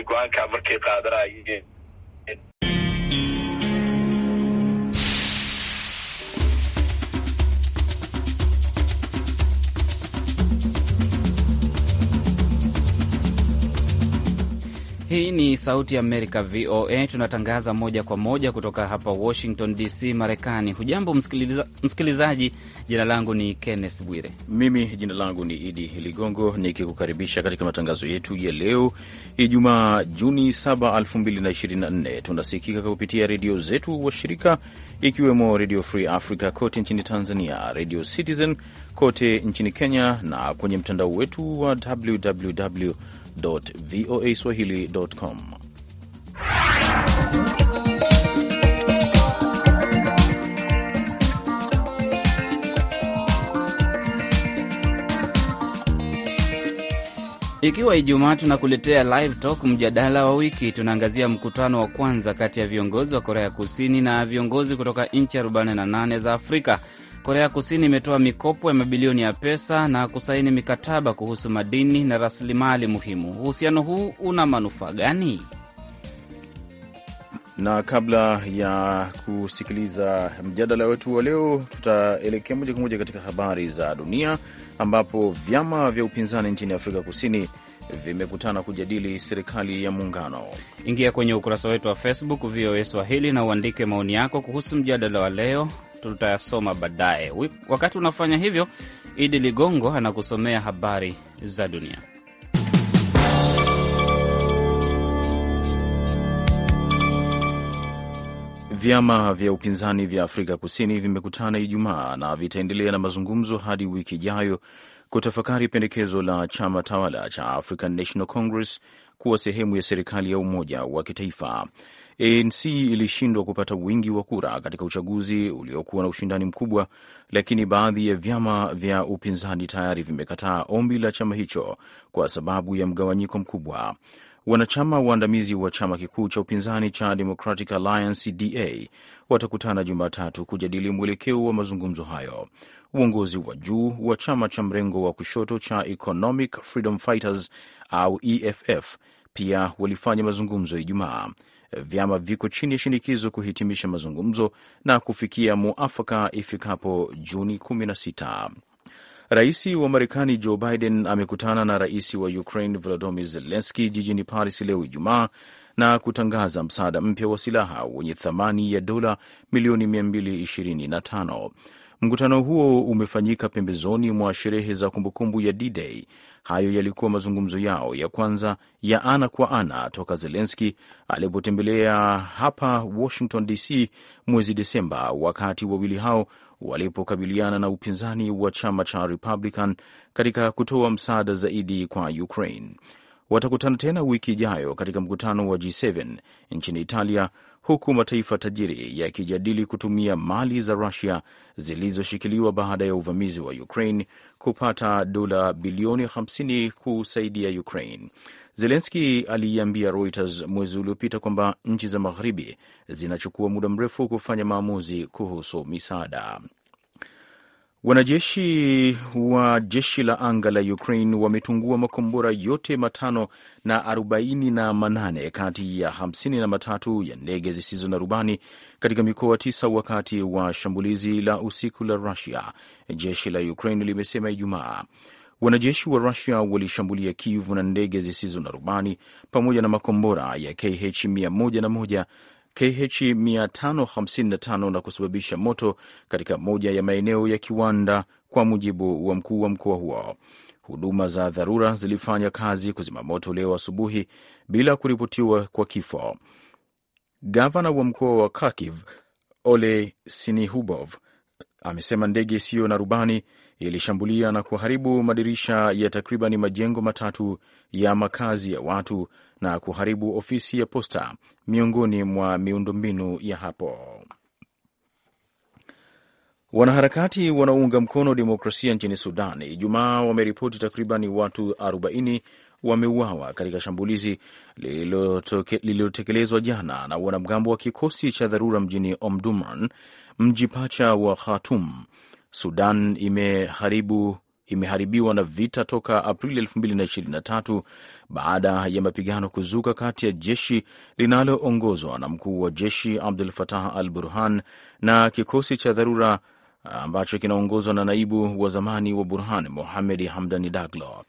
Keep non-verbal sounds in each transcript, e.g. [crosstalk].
ay go-aankaa markay qaadanayeen Hii ni Sauti ya Amerika, VOA. Tunatangaza moja kwa moja kutoka hapa Washington DC, Marekani. Hujambo msikiliza, msikilizaji. Jina langu ni Kenneth Bwire. Mimi jina langu ni Idi Ligongo, nikikukaribisha katika matangazo yetu ya leo Ijumaa Juni 7, 2024. Tunasikika kupitia redio zetu washirika, ikiwemo Redio Free Africa kote nchini Tanzania, Redio Citizen kote nchini Kenya, na kwenye mtandao wetu wa www ikiwa Ijumaa, tunakuletea live talk, mjadala wa wiki. Tunaangazia mkutano wa kwanza kati ya viongozi wa Korea Kusini na viongozi kutoka nchi 48 za Afrika Korea Kusini imetoa mikopo ya mabilioni ya pesa na kusaini mikataba kuhusu madini na rasilimali muhimu. Uhusiano huu una manufaa gani? Na kabla ya kusikiliza mjadala wetu wa leo, tutaelekea moja kwa moja katika habari za dunia, ambapo vyama vya upinzani nchini Afrika Kusini vimekutana kujadili serikali ya muungano. Ingia kwenye ukurasa wetu wa Facebook VOA Swahili na uandike maoni yako kuhusu mjadala wa leo tutayasoma baadaye. Wakati unafanya hivyo, Idi Ligongo anakusomea habari za dunia. Vyama vya upinzani vya Afrika Kusini vimekutana Ijumaa na vitaendelea na mazungumzo hadi wiki ijayo kutafakari pendekezo la chama tawala cha African National Congress kuwa sehemu ya serikali ya umoja wa kitaifa. ANC ilishindwa kupata wingi wa kura katika uchaguzi uliokuwa na ushindani mkubwa, lakini baadhi ya vyama vya upinzani tayari vimekataa ombi la chama hicho kwa sababu ya mgawanyiko mkubwa. Wanachama waandamizi wa chama kikuu cha upinzani cha Democratic Alliance DA watakutana Jumatatu kujadili mwelekeo wa mazungumzo hayo. Uongozi wa juu wa chama cha mrengo wa kushoto cha Economic Freedom Fighters au EFF pia walifanya mazungumzo Ijumaa vyama viko chini ya shinikizo kuhitimisha mazungumzo na kufikia muafaka ifikapo Juni 16. Rais wa Marekani Joe Biden amekutana na rais wa Ukraine Volodymyr Zelensky jijini Paris leo Ijumaa na kutangaza msaada mpya wa silaha wenye thamani ya dola milioni 225. Mkutano huo umefanyika pembezoni mwa sherehe za kumbukumbu ya D-Day Hayo yalikuwa mazungumzo yao ya kwanza ya ana kwa ana toka Zelenski alipotembelea hapa Washington DC mwezi Desemba, wakati wawili hao walipokabiliana na upinzani wa chama cha Republican katika kutoa msaada zaidi kwa Ukraine. Watakutana tena wiki ijayo katika mkutano wa G7 nchini Italia huku mataifa tajiri yakijadili kutumia mali za Rusia zilizoshikiliwa baada ya uvamizi wa Ukraine kupata dola bilioni 50 kusaidia Ukraine. Zelenski aliiambia Reuters mwezi uliopita kwamba nchi za magharibi zinachukua muda mrefu kufanya maamuzi kuhusu misaada. Wanajeshi wa jeshi la anga la Ukraine wametungua makombora yote matano na arobaini na manane kati ya hamsini na matatu ya ndege zisizo na rubani katika mikoa tisa wakati wa shambulizi la usiku la Rusia, jeshi la Ukraine limesema Ijumaa. Wanajeshi wa Rusia walishambulia kivu na ndege zisizo na rubani pamoja na makombora ya KH 101 KH 555 na kusababisha moto katika moja ya maeneo ya kiwanda, kwa mujibu wa mkuu wa mkoa huo. Huduma za dharura zilifanya kazi kuzima moto leo asubuhi bila kuripotiwa kwa kifo. Gavana wa mkoa wa Kharkiv Ole Sinihubov amesema ndege isiyo na rubani ilishambulia na kuharibu madirisha ya takriban majengo matatu ya makazi ya watu na kuharibu ofisi ya posta, miongoni mwa miundombinu ya hapo. Wanaharakati wanaounga mkono demokrasia nchini Sudan Ijumaa wameripoti takribani watu 40 wameuawa katika shambulizi lililotekelezwa jana na wanamgambo wa kikosi cha dharura mjini Omdurman, mji pacha wa Khartoum, Sudan imeharibu imeharibiwa na vita toka Aprili 2023 baada ya mapigano kuzuka kati ya jeshi linaloongozwa na mkuu wa jeshi Abdul Fatah al Burhan na kikosi cha dharura ambacho kinaongozwa na naibu wa zamani wa Burhan Mohamed Hamdani Daglo.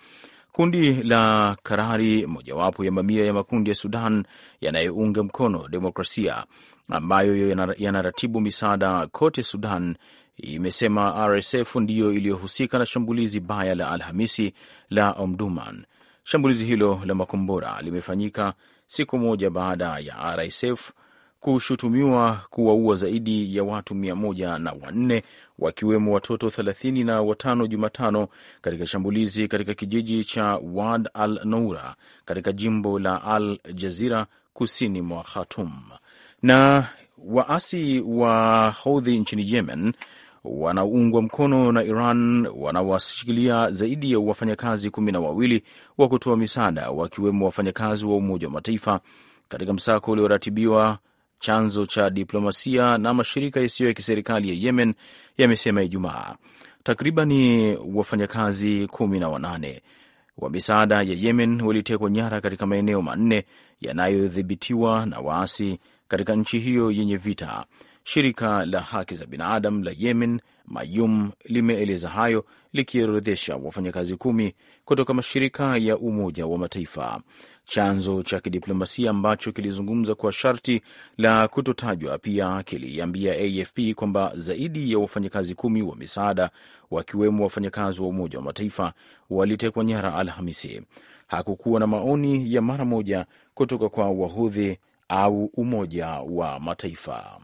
Kundi la Karari, mojawapo ya mamia ya makundi ya Sudan yanayounga mkono demokrasia ambayo yanaratibu misaada kote Sudan imesema RSF ndiyo iliyohusika na shambulizi baya la Alhamisi la omduman Shambulizi hilo la makombora limefanyika siku moja baada ya RSF kushutumiwa kuwaua zaidi ya watu mia moja na wanne wakiwemo watoto thelathini na watano Jumatano katika shambulizi katika kijiji cha Wad al Noura katika jimbo la Al Jazira kusini mwa Khatum. Na waasi wa Hodhi nchini Yemen wanaungwa mkono na Iran wanawashikilia zaidi ya wafanyakazi kumi na wawili wa kutoa misaada wakiwemo wafanyakazi wa Umoja wa Mataifa katika msako ulioratibiwa. Chanzo cha diplomasia na mashirika yasiyo ya kiserikali ya Yemen yamesema Ijumaa takribani wafanyakazi kumi na wanane wa misaada ya Yemen walitekwa nyara katika maeneo manne yanayodhibitiwa na waasi katika nchi hiyo yenye vita Shirika la haki za binadamu la Yemen Mayum limeeleza hayo likiorodhesha wafanyakazi kumi kutoka mashirika ya Umoja wa Mataifa. Chanzo cha kidiplomasia ambacho kilizungumza kwa sharti la kutotajwa pia kiliambia AFP kwamba zaidi ya wafanyakazi kumi wa misaada, wakiwemo wafanyakazi wa Umoja wa Mataifa, walitekwa nyara Alhamisi. Hakukuwa na maoni ya mara moja kutoka kwa Wahudhi au Umoja wa Mataifa.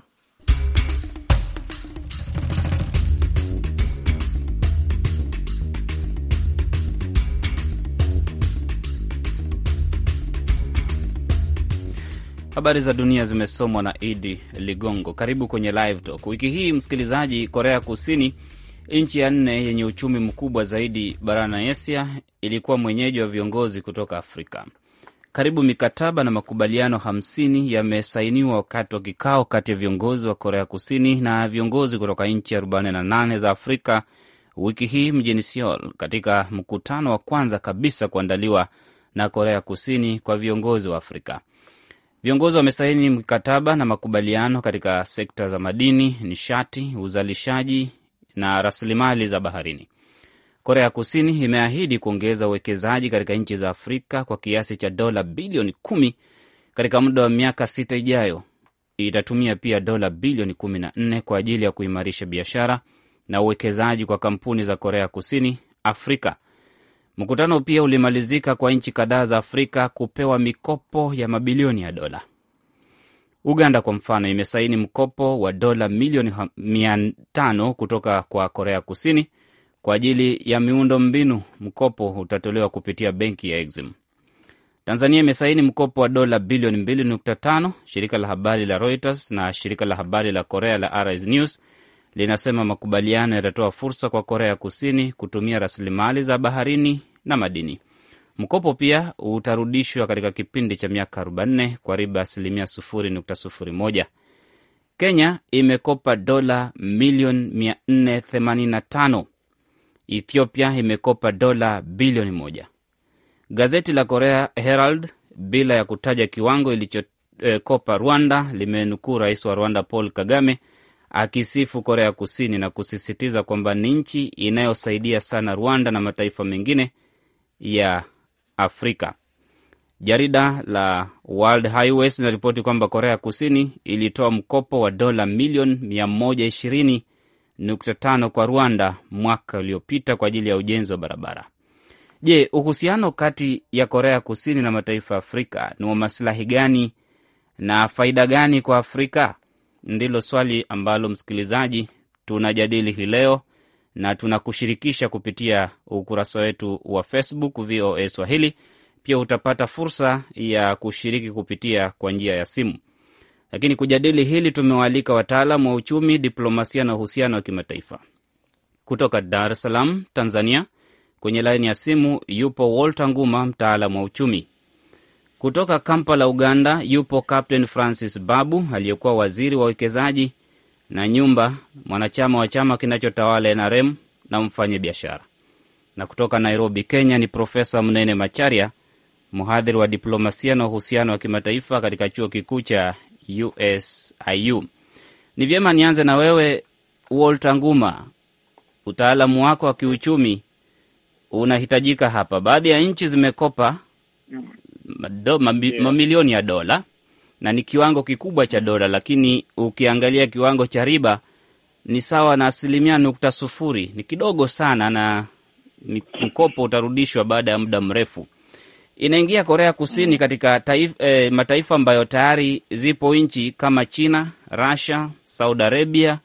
Habari za dunia zimesomwa na Idi Ligongo. Karibu kwenye Live Talk wiki hii. Msikilizaji, Korea Kusini, nchi ya nne yenye uchumi mkubwa zaidi barani Asia, ilikuwa mwenyeji wa viongozi kutoka Afrika. Karibu mikataba na makubaliano 50 yamesainiwa wakati wa kikao kati ya viongozi wa Korea Kusini na viongozi kutoka nchi 48 za Afrika wiki hii mjini Seoul, katika mkutano wa kwanza kabisa kuandaliwa na Korea Kusini kwa viongozi wa Afrika. Viongozi wamesaini mkataba na makubaliano katika sekta za madini, nishati, uzalishaji na rasilimali za baharini. Korea ya Kusini imeahidi kuongeza uwekezaji katika nchi za Afrika kwa kiasi cha dola bilioni kumi katika muda wa miaka sita ijayo. Itatumia pia dola bilioni kumi na nne kwa ajili ya kuimarisha biashara na uwekezaji kwa kampuni za Korea Kusini Afrika Mkutano pia ulimalizika kwa nchi kadhaa za Afrika kupewa mikopo ya mabilioni ya dola. Uganda kwa mfano imesaini mkopo wa dola milioni mia tano kutoka kwa Korea Kusini kwa ajili ya miundo mbinu. Mkopo utatolewa kupitia benki ya Exim. Tanzania imesaini mkopo wa dola bilioni 2.5. Shirika la habari la Reuters na shirika la habari la Korea la RS News linasema makubaliano yatatoa fursa kwa Korea Kusini kutumia rasilimali za baharini na madini. Mkopo pia utarudishwa katika kipindi cha miaka 44 kwa riba asilimia 0.01. Kenya imekopa dola milioni 485, Ethiopia imekopa dola bilioni moja. Gazeti la Korea Herald bila ya kutaja kiwango ilichokopa eh, Rwanda limenukuu rais wa Rwanda Paul Kagame akisifu Korea Kusini na kusisitiza kwamba ni nchi inayosaidia sana Rwanda na mataifa mengine ya Afrika. Jarida la World Highways linaripoti kwamba Korea Kusini ilitoa mkopo wa dola milioni 120.5 kwa Rwanda mwaka uliopita kwa ajili ya ujenzi wa barabara. Je, uhusiano kati ya Korea Kusini na mataifa ya Afrika ni wa masilahi gani na faida gani kwa Afrika? ndilo swali ambalo msikilizaji tunajadili hii leo na tunakushirikisha kupitia ukurasa wetu wa Facebook VOA Swahili. Pia utapata fursa ya kushiriki kupitia kwa njia ya simu. Lakini kujadili hili tumewaalika wataalam wa uchumi, diplomasia na uhusiano wa kimataifa kutoka Dar es Salaam, Tanzania. Kwenye laini ya simu yupo Walter Nguma, mtaalam wa uchumi. Kutoka Kampala, Uganda, yupo Captain Francis Babu aliyekuwa waziri wa uwekezaji na nyumba, mwanachama wa chama kinachotawala NRM na mfanye biashara. Na kutoka Nairobi, Kenya, ni Profesa Mnene Macharia, mhadhiri wa diplomasia na uhusiano wa kimataifa katika chuo kikuu cha USIU. Ni vyema nianze na wewe Walter Nguma, utaalamu wako wa kiuchumi unahitajika hapa. Baadhi ya nchi zimekopa mm do, mambi, yeah, mamilioni ya dola na ni kiwango kikubwa cha dola, lakini ukiangalia kiwango cha riba ni sawa na asilimia nukta sufuri, ni kidogo sana, na mkopo utarudishwa baada ya muda mrefu. Inaingia Korea Kusini katika taif, eh, mataifa ambayo tayari zipo nchi kama China, Russia, Saudi Arabia,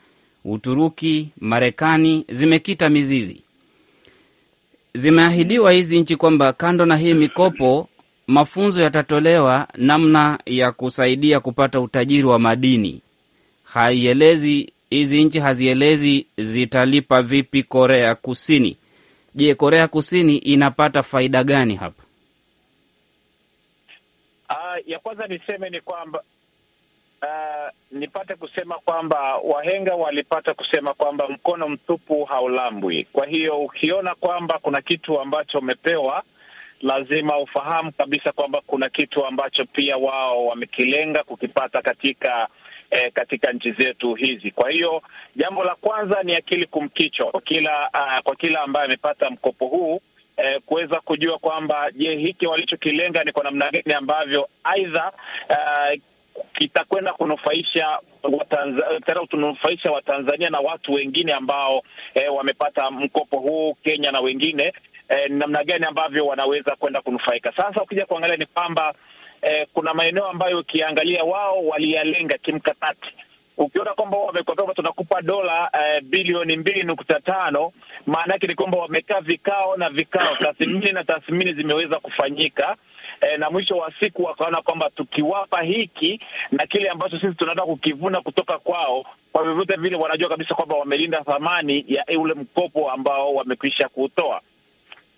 Uturuki, Marekani zimekita mizizi. Zimeahidiwa hizi nchi kwamba kando na hii mikopo mafunzo yatatolewa namna ya kusaidia kupata utajiri wa madini. Haielezi, hizi nchi hazielezi zitalipa vipi Korea Kusini. Je, Korea Kusini inapata faida gani hapa? Uh, ya kwanza niseme ni kwamba uh, nipate kusema kwamba wahenga walipata kusema kwamba mkono mtupu haulambwi. Kwa hiyo ukiona kwamba kuna kitu ambacho umepewa lazima ufahamu kabisa kwamba kuna kitu ambacho pia wao wamekilenga kukipata katika eh, katika nchi zetu hizi. Kwa hiyo jambo la kwanza ni akili kumkichwa kwa kila uh, kwa kila ambaye amepata mkopo huu eh, kuweza kujua kwamba je, hiki walichokilenga ni kwa namna gani ambavyo aidha uh, kitakwenda kunufaisha kunufaisha Watanzania na watu wengine ambao eh, wamepata mkopo huu Kenya na wengine eh, namna gani ambavyo wanaweza kwenda kunufaika. Sasa ukija kuangalia ni kwamba eh, kuna maeneo ambayo ukiangalia wao waliyalenga kimkakati ukiona kwamba wamekwambia tunakupa dola eh, bilioni mbili nukta tano maana yake ni kwamba wamekaa vikao na vikao, tathmini na tathmini zimeweza kufanyika eh, na mwisho wa siku wakaona kwamba tukiwapa hiki na kile ambacho sisi tunataka kukivuna kutoka kwao, kwa vyovyote vile wanajua kabisa kwamba wamelinda thamani ya ule mkopo ambao wamekwisha kuutoa.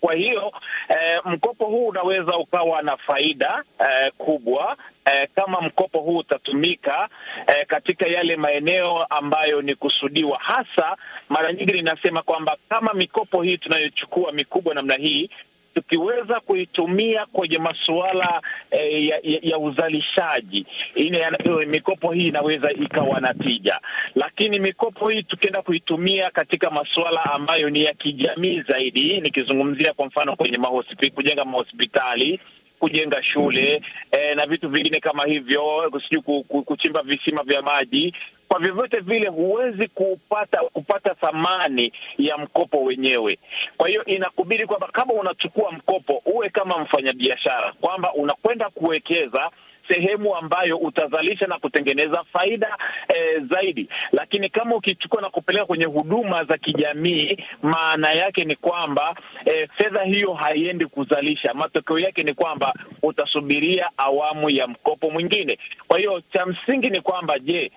Kwa hiyo eh, mkopo huu unaweza ukawa na faida eh, kubwa eh, kama mkopo huu utatumika eh, katika yale maeneo ambayo ni kusudiwa. Hasa mara nyingi ninasema kwamba kama mikopo hii tunayochukua mikubwa namna hii tukiweza kuitumia kwenye masuala eh, ya, ya, ya uzalishaji ine, ya, eh, mikopo hii inaweza ikawa na tija, lakini mikopo hii tukienda kuitumia katika masuala ambayo ni ya kijamii zaidi, nikizungumzia kwa mfano kwenye mahospi, kujenga mahospitali kujenga shule eh, na vitu vingine kama hivyo, sijui kuchimba visima vya maji. Kwa vyovyote vile huwezi kupata kupata thamani ya mkopo wenyewe. Kwa hiyo inakubidi kwamba kama unachukua mkopo uwe kama mfanyabiashara, kwamba unakwenda kuwekeza sehemu ambayo utazalisha na kutengeneza faida e, zaidi. Lakini kama ukichukua na kupeleka kwenye huduma za kijamii, maana yake ni kwamba e, fedha hiyo haiendi kuzalisha. Matokeo yake ni kwamba utasubiria awamu ya mkopo mwingine. Kwa hiyo cha msingi ni kwamba je,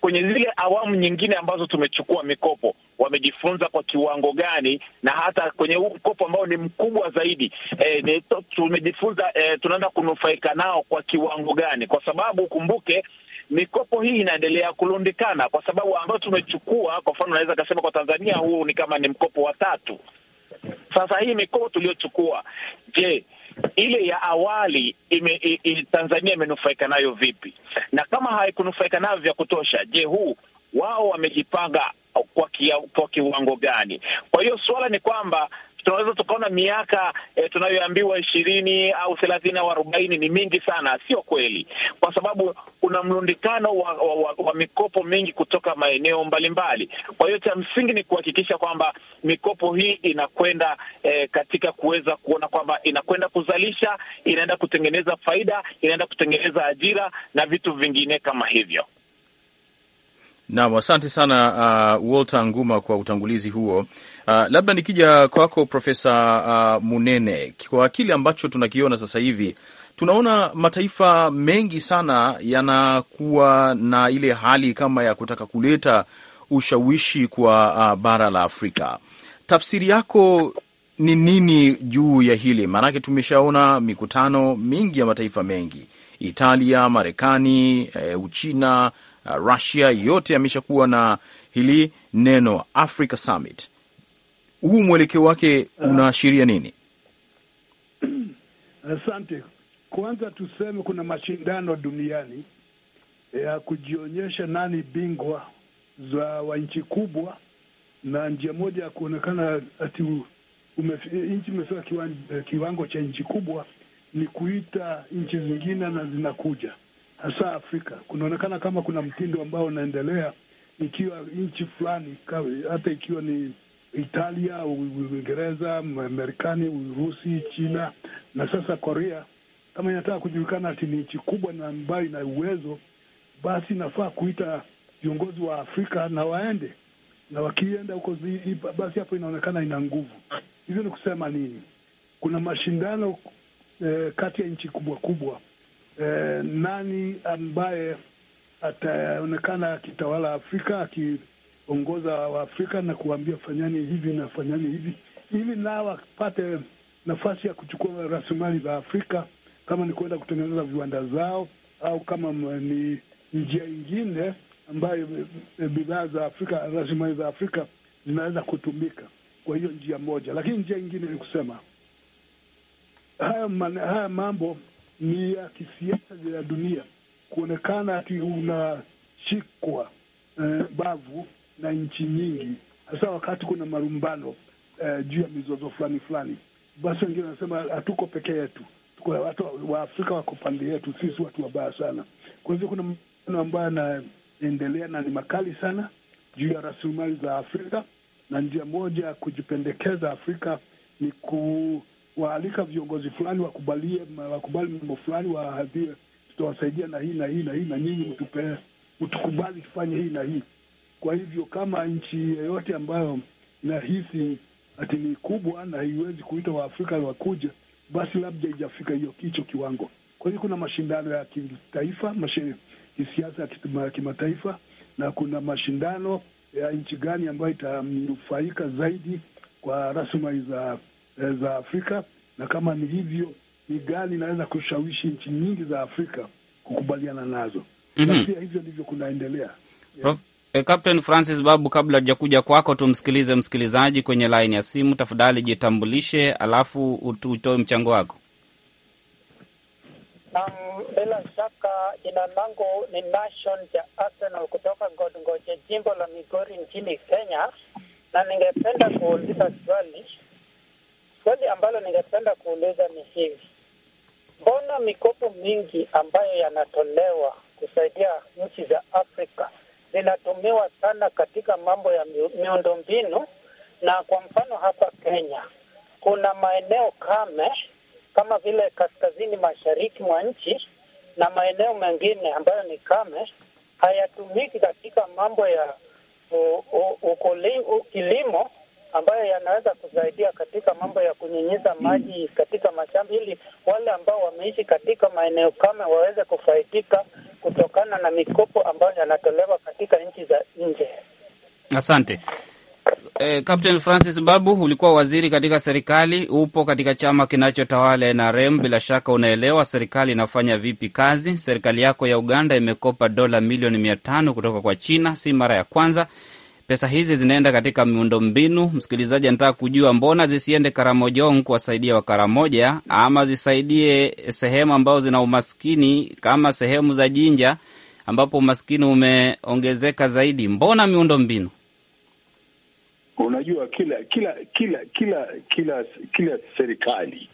kwenye zile awamu nyingine ambazo tumechukua mikopo wamejifunza kwa kiwango gani, na hata kwenye huu mkopo ambao ni mkubwa zaidi e, ni tumejifunza e, tunaenda kunufaika nao kwa kiwango gani, kwa sababu ukumbuke mikopo hii inaendelea kulundikana, kwa sababu ambayo tumechukua, kwa mfano naweza kasema kwa Tanzania huu ni kama ni mkopo wa tatu. Sasa hii mikopo tuliyochukua, je, ile ya awali ime, i, i, Tanzania imenufaika nayo vipi? Na kama haikunufaika nayo vya kutosha, je, huu wao wamejipanga kwa kiwango gani? Kwa hiyo suala ni kwamba tunaweza tukaona miaka e, tunayoambiwa ishirini au thelathini au arobaini ni mingi sana. Sio kweli, kwa sababu kuna mlundikano wa, wa, wa, wa mikopo mingi kutoka maeneo mbalimbali. Kwa hiyo cha msingi ni kuhakikisha kwamba mikopo hii inakwenda e, katika kuweza kuona kwamba inakwenda kuzalisha, inaenda kutengeneza faida, inaenda kutengeneza ajira na vitu vingine kama hivyo. Nam, asante sana uh, Walter Nguma kwa utangulizi huo. Uh, labda nikija kwako Profesa uh, Munene, kwa kile ambacho tunakiona sasa hivi, tunaona mataifa mengi sana yanakuwa na ile hali kama ya kutaka kuleta ushawishi kwa uh, bara la Afrika. Tafsiri yako ni nini juu ya hili? Maanake tumeshaona mikutano mingi ya mataifa mengi, Italia, Marekani, e, Uchina rasia uh, Russia yote ameshakuwa na hili neno Africa Summit. Huu mwelekeo wake uh, unaashiria nini? [clears throat] Asante. Kwanza tuseme kuna mashindano duniani eh, ya kujionyesha nani bingwa za wa nchi kubwa, na njia moja ya kuonekana ati nchi imefika kiwango cha nchi kubwa ni kuita nchi zingine na zinakuja hasa Afrika, kunaonekana kama kuna mtindo ambao unaendelea, ikiwa nchi fulani, hata ikiwa ni Italia, Uingereza, Marekani, Urusi, China na sasa Korea, kama inataka kujulikana ati ni nchi kubwa na ambayo ina uwezo, basi inafaa kuita viongozi wa Afrika na waende, na wakienda huko basi hapo inaonekana ina nguvu. Hivyo ni kusema nini? Kuna mashindano eh, kati ya nchi kubwa kubwa eh, nani ambaye ataonekana akitawala Afrika akiongoza Waafrika na kuambia fanyani hivi na fanyani hivi, ili nao apate nafasi ya kuchukua rasilimali za Afrika, kama ni kuenda kutengeneza viwanda zao au kama ni njia ingine ambayo bidhaa za Afrika, rasilimali za Afrika zinaweza kutumika. Kwa hiyo njia moja, lakini njia ingine ni kusema haya, haya mambo ni ya kisiasa ya dunia, kuonekana ati unashikwa eh, bavu na nchi nyingi, hasa wakati kuna marumbano eh, juu ya mizozo fulani fulani. Basi wengine wanasema hatuko peke yetu, tuko watu wa Afrika wako pande yetu, sisi watu wabaya sana. Kwa hivyo kuna mano ambayo anaendelea na ni makali sana juu ya rasilimali za Afrika, na njia moja ya kujipendekeza Afrika ni ku waalika viongozi fulani wakubalie wakubali mambo fulani, waambie tutawasaidia na hii na hii na hii, na nyinyi mtupe mtukubali tufanye hii na hii. Kwa hivyo kama nchi yeyote ambayo inahisi ati ni kubwa na haiwezi kuita Waafrika wakuja, basi labda ijafika hiyo hicho kiwango. Kwa hiyo kuna mashindano ya kitaifa, kisiasa ya kimataifa, na kuna mashindano ya nchi gani ambayo itanufaika zaidi kwa rasilimali za Eh, za Afrika, na kama ni hivyo, ni gani inaweza kushawishi nchi nyingi za Afrika kukubaliana nazo mm -hmm. na mhm. pia hivyo ndivyo kunaendelea yeah. E, Captain Francis Babu, kabla hajakuja kwako, tumsikilize msikilizaji kwenye line ya simu. Tafadhali jitambulishe, alafu utoe mchango wako. Um, bila shaka jina langu ni Nation ya Arsenal kutoka Godgoche, jimbo la Migori nchini Kenya, na ningependa kuuliza swali Swali ambalo ningependa kuuliza ni hivi, mbona mikopo mingi ambayo yanatolewa kusaidia nchi za Afrika zinatumiwa sana katika mambo ya miundombinu? Na kwa mfano hapa Kenya kuna maeneo kame kama vile kaskazini mashariki mwa nchi na maeneo mengine ambayo ni kame, hayatumiki katika mambo ya kilimo ambayo yanaweza kusaidia katika mambo ya kunyunyiza mm. maji katika mashamba, ili wale ambao wameishi katika maeneo kame waweze kufaidika kutokana na mikopo ambayo yanatolewa katika nchi za nje. Asante. Eh, Captain Francis Babu, ulikuwa waziri katika serikali, upo katika chama kinachotawala NRM. Bila shaka unaelewa serikali inafanya vipi kazi. Serikali yako ya Uganda imekopa dola milioni mia tano kutoka kwa China, si mara ya kwanza. Pesa hizi zinaenda katika miundo mbinu Msikilizaji anataka kujua mbona zisiende Karamojong kuwasaidia Wakaramoja, ama zisaidie sehemu ambazo zina umaskini kama sehemu za Jinja ambapo umaskini umeongezeka zaidi. Mbona miundo mbinu Unajua, kila kila kila kila kila kila serikali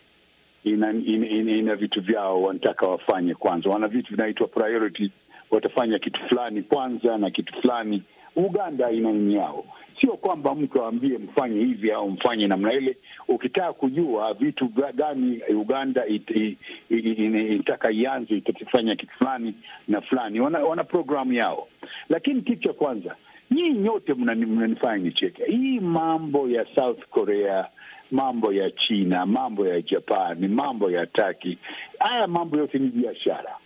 ina, ina, ina, ina vitu vyao wanataka wafanye kwanza. Wana vitu vinaitwa priority, watafanya kitu fulani kwanza na kitu fulani Uganda ina nini yao, sio kwamba mtu aambie mfanye hivi au mfanye namna ile. Ukitaka kujua vitu gani Uganda itaka ianze itakifanya kitu fulani na fulani, wana, wana programu yao. Lakini kitu cha kwanza, nyii nyote mnanifanya nicheke, hii mambo ya South Korea mambo ya China, mambo ya Japani, mambo ya Taki, haya mambo yote ni biashara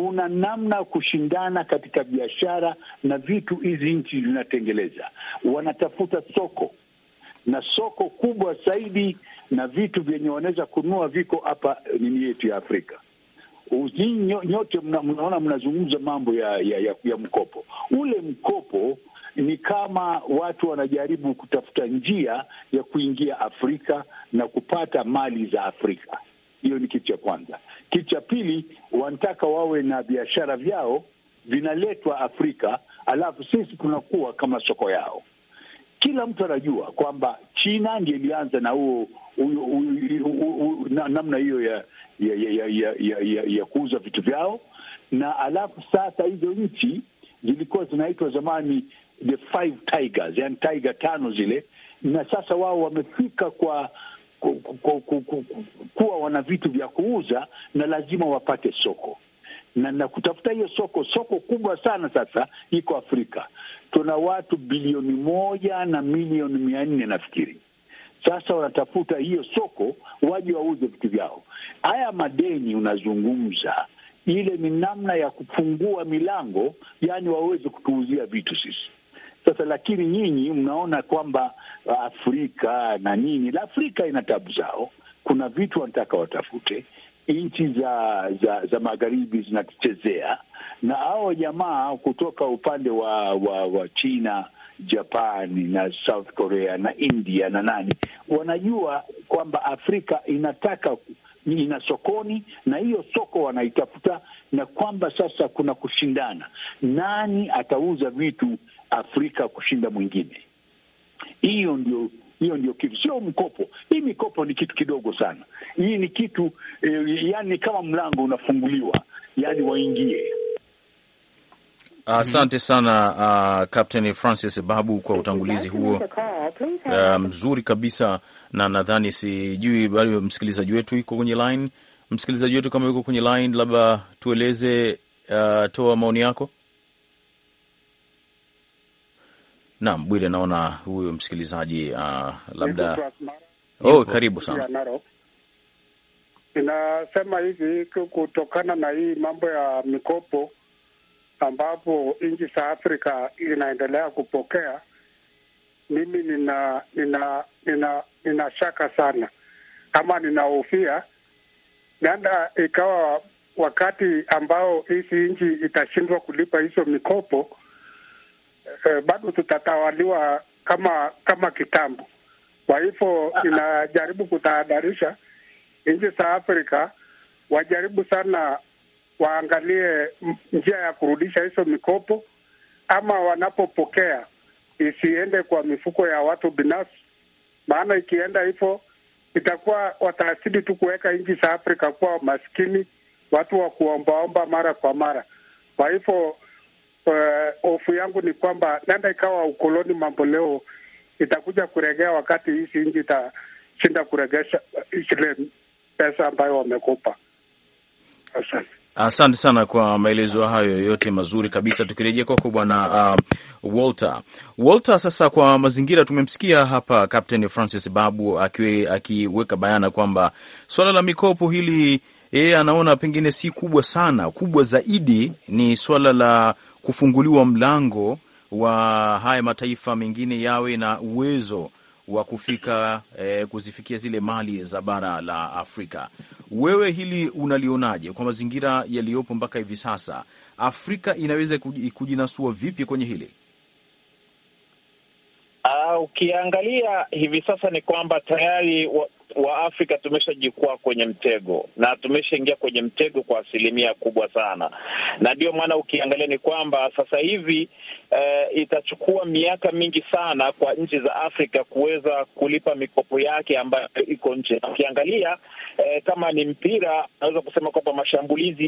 kuna namna kushindana katika biashara na vitu hizi nchi zinatengeleza. Wanatafuta soko na soko kubwa zaidi, na vitu vyenye wanaweza kununua viko hapa nini yetu ya Afrika. Nyinyi nyote mnaona mnazungumza mambo ya, ya, ya, ya mkopo. Ule mkopo ni kama watu wanajaribu kutafuta njia ya kuingia Afrika na kupata mali za Afrika. Hiyo ni kitu cha kwanza. Kitu cha pili, wanataka wawe na biashara vyao vinaletwa Afrika, alafu sisi tunakuwa kama soko yao. Kila mtu anajua kwamba China ndiyo ilianza na huo namna hiyo ya ya, ya, ya, ya, ya, ya kuuza vitu vyao, na alafu sasa hizo nchi zilikuwa zinaitwa zamani the five tigers, yani tiger tano zile, na sasa wao wamefika kwa ku, ku, ku, ku, kuwa wana vitu vya kuuza na lazima wapate soko na, na kutafuta hiyo soko. Soko kubwa sana sasa iko Afrika, tuna watu bilioni moja na milioni mia nne nafikiri. Sasa wanatafuta hiyo soko waje wauze vitu vyao. Haya madeni unazungumza, ile ni namna ya kufungua milango, yani waweze kutuuzia vitu sisi sasa. Lakini nyinyi mnaona kwamba Afrika na nini la Afrika ina tabu zao. Kuna vitu wanataka watafute, nchi za za za magharibi zinatuchezea, na hao jamaa kutoka upande wa, wa wa China, Japani na South Korea na India na nani wanajua kwamba Afrika inataka ina sokoni na hiyo soko wanaitafuta, na kwamba sasa kuna kushindana, nani atauza vitu Afrika kushinda mwingine. Hiyo ndio hiyo ndio kitu, sio mkopo. Hii mikopo ni kitu kidogo sana. Hii ni kitu eh, yani kama mlango unafunguliwa, yani waingie. Asante sana uh, Captain Francis Babu kwa utangulizi huo uh, mzuri kabisa, na nadhani sijui bado msikilizaji wetu iko kwenye line. Msikilizaji wetu kama yuko kwenye line, labda tueleze, uh, toa maoni yako. Naam, Bwire, naona huyo msikilizaji uh, labda oh, karibu sana. Inasema hivi kutokana na hii mambo ya mikopo ambapo nchi za Afrika inaendelea kupokea, mimi nina nina nina, nina shaka sana ama ninahofia nanda ikawa wakati ambao hizi nchi itashindwa kulipa hizo mikopo eh, bado tutatawaliwa kama kama kitambo. Kwa hivyo inajaribu kutahadharisha nchi za Afrika wajaribu sana waangalie njia ya kurudisha hizo mikopo, ama wanapopokea isiende kwa mifuko ya watu binafsi, maana ikienda hivyo itakuwa watazidi tu kuweka nchi za Afrika kuwa maskini, watu wa kuombaomba mara kwa mara. Kwa hivyo Eh, hofu uh, yangu ni kwamba nenda ikawa ukoloni mambo leo itakuja kuregea wakati hizi nchi itashinda kuregesha eh, zile pesa ambayo wamekopa. Asante. Asante sana kwa maelezo hayo yote mazuri kabisa. Tukirejea kwako bwana uh, Walter Walter, sasa kwa mazingira, tumemsikia hapa Captain Francis Babu akiwe, akiweka bayana kwamba swala la mikopo hili yeye anaona pengine si kubwa sana, kubwa zaidi ni swala la kufunguliwa mlango wa haya mataifa mengine yawe na uwezo wa kufika eh, kuzifikia zile mali za bara la Afrika. Wewe hili unalionaje kwa mazingira yaliyopo mpaka hivi sasa? Afrika inaweza kujinasua vipi kwenye hili? Ah, ukiangalia hivi sasa ni kwamba tayari wa afrika tumeshajikwaa kwenye mtego na tumeshaingia kwenye mtego kwa asilimia kubwa sana, na ndio maana ukiangalia ni kwamba sasa hivi uh, itachukua miaka mingi sana kwa nchi za Afrika kuweza kulipa mikopo yake ambayo iko nje. Ukiangalia uh, kama ni mpira, naweza kusema kwamba mashambulizi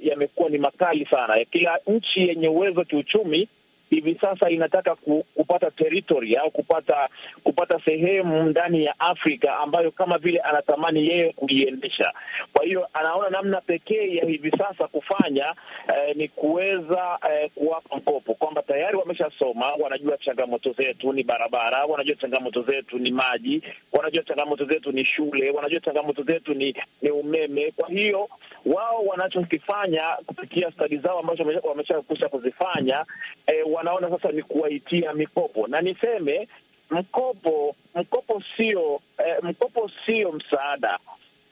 yamekuwa ya, ya ni makali sana. Kila nchi yenye uwezo kiuchumi hivi sasa inataka kupata territory au kupata kupata sehemu ndani ya Afrika ambayo kama vile anatamani yeye kuiendesha. Kwa hiyo anaona namna pekee ya hivi sasa kufanya eh, ni kuweza eh, kuwapa mkopo, kwamba tayari wameshasoma, wanajua changamoto zetu ni barabara, wanajua changamoto zetu ni maji, wanajua changamoto zetu ni shule, wanajua changamoto zetu ni, ni umeme. Kwa hiyo wao wanachokifanya kupitia stadi zao ambazo wameshakusha kuzifanya eh, wanaona sasa ni kuwaitia mikopo, na niseme mkopo mkopo sio eh, mkopo sio msaada.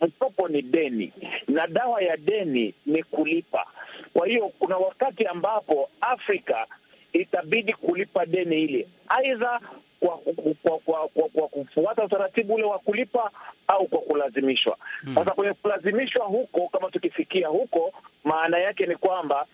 Mkopo ni deni, na dawa ya deni ni kulipa. Kwa hiyo kuna wakati ambapo Afrika itabidi kulipa deni ile, aidha kwa, kwa, kwa, kwa, kwa kufuata utaratibu ule wa kulipa au kwa kulazimishwa. Hmm. Sasa hmm, kwenye kulazimishwa huko, kama tukifikia huko, maana yake ni kwamba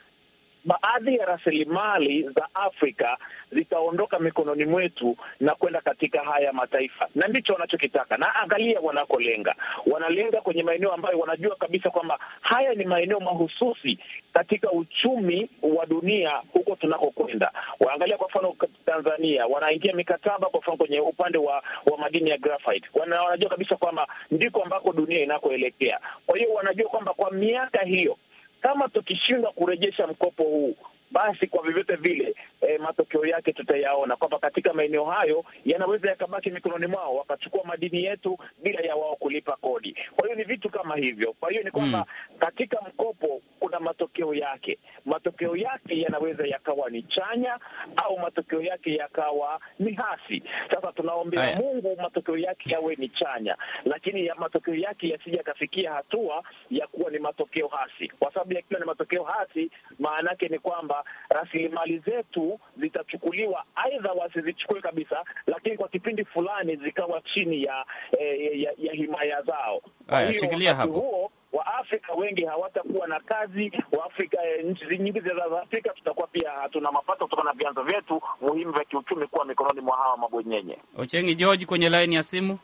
baadhi ya rasilimali za Afrika zitaondoka mikononi mwetu na kwenda katika haya mataifa, na ndicho wanachokitaka. Na angalia wanakolenga, wanalenga kwenye maeneo ambayo wanajua kabisa kwamba haya ni maeneo mahususi katika uchumi wa dunia huko tunakokwenda. Waangalia kwa mfano Tanzania, wanaingia mikataba kwa mfano kwenye upande wa, wa madini ya graphite. Wana, wanajua kabisa kwamba ndiko ambako dunia inakoelekea. Kwa hiyo wanajua kwamba kwa miaka hiyo kama tukishindwa kurejesha mkopo huu, basi kwa vyovyote vile e, matokeo yake tutayaona kwamba katika maeneo hayo yanaweza yakabaki mikononi mwao, wakachukua madini yetu bila ya wao kulipa kodi. Kwa hiyo ni vitu kama hivyo. Kwa hiyo ni kwamba mm, katika mkopo kuna matokeo yake, matokeo yake yanaweza yakawa ni chanya au matokeo yake yakawa ni hasi. Sasa tunaombea Mungu matokeo yake yawe ni chanya, lakini ya matokeo yake yasije yakafikia hatua ya kuwa ni matokeo hasi, kwa sababu yakiwa ni matokeo hasi maanake ni kwamba rasilimali zetu zitachukuliwa, aidha wasizichukue kabisa, lakini kwa kipindi fulani zikawa chini ya, eh, ya, ya himaya zao. Haya, shikilia hapo. Waafrika wengi hawatakuwa na kazi. Waafrika e, eh, nchi nyingi za Afrika tutakuwa pia hatuna mapato kutokana na vyanzo vyetu muhimu vya kiuchumi kuwa mikononi mwa hawa mabwenyenye. Ochengi George kwenye laini ya simu.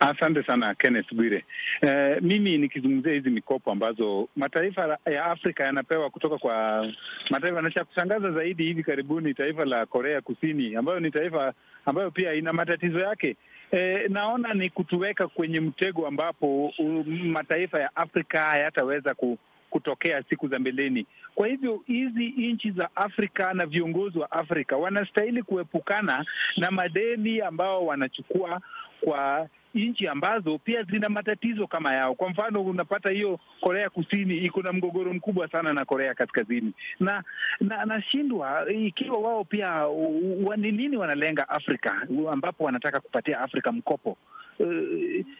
Asante sana Kenneth Bwire. Uh, mimi nikizungumzia hizi mikopo ambazo mataifa ya Afrika yanapewa kutoka kwa mataifa, na cha kushangaza zaidi hivi karibuni taifa la Korea Kusini, ambayo ni taifa ambayo pia ina matatizo yake. E, naona ni kutuweka kwenye mtego ambapo um, mataifa ya Afrika hayataweza ku kutokea siku za mbeleni. Kwa hivyo hizi nchi za Afrika na viongozi wa Afrika wanastahili kuepukana na madeni ambao wanachukua kwa nchi ambazo pia zina matatizo kama yao. Kwa mfano, unapata hiyo Korea Kusini iko na mgogoro mkubwa sana na Korea Kaskazini, na nashindwa na ikiwa wao pia ni nini wanalenga Afrika, ambapo wanataka kupatia Afrika mkopo Uh,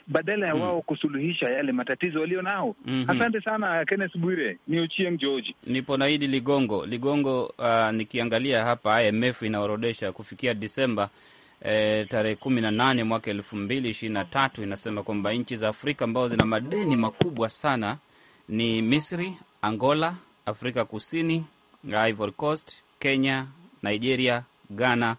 badala ya mm. wao kusuluhisha yale matatizo walio nao. mm -hmm. Asante sana Kenneth Bwire, ni Ochieng George, nipo naidi Ligongo Ligongo. Uh, nikiangalia hapa IMF inaorodesha kufikia Disemba e, tarehe kumi na nane mwaka elfu mbili ishirini na tatu inasema kwamba nchi za Afrika ambazo zina madeni makubwa sana ni Misri, Angola, Afrika Kusini, Ivory Coast, Kenya, Nigeria, Ghana,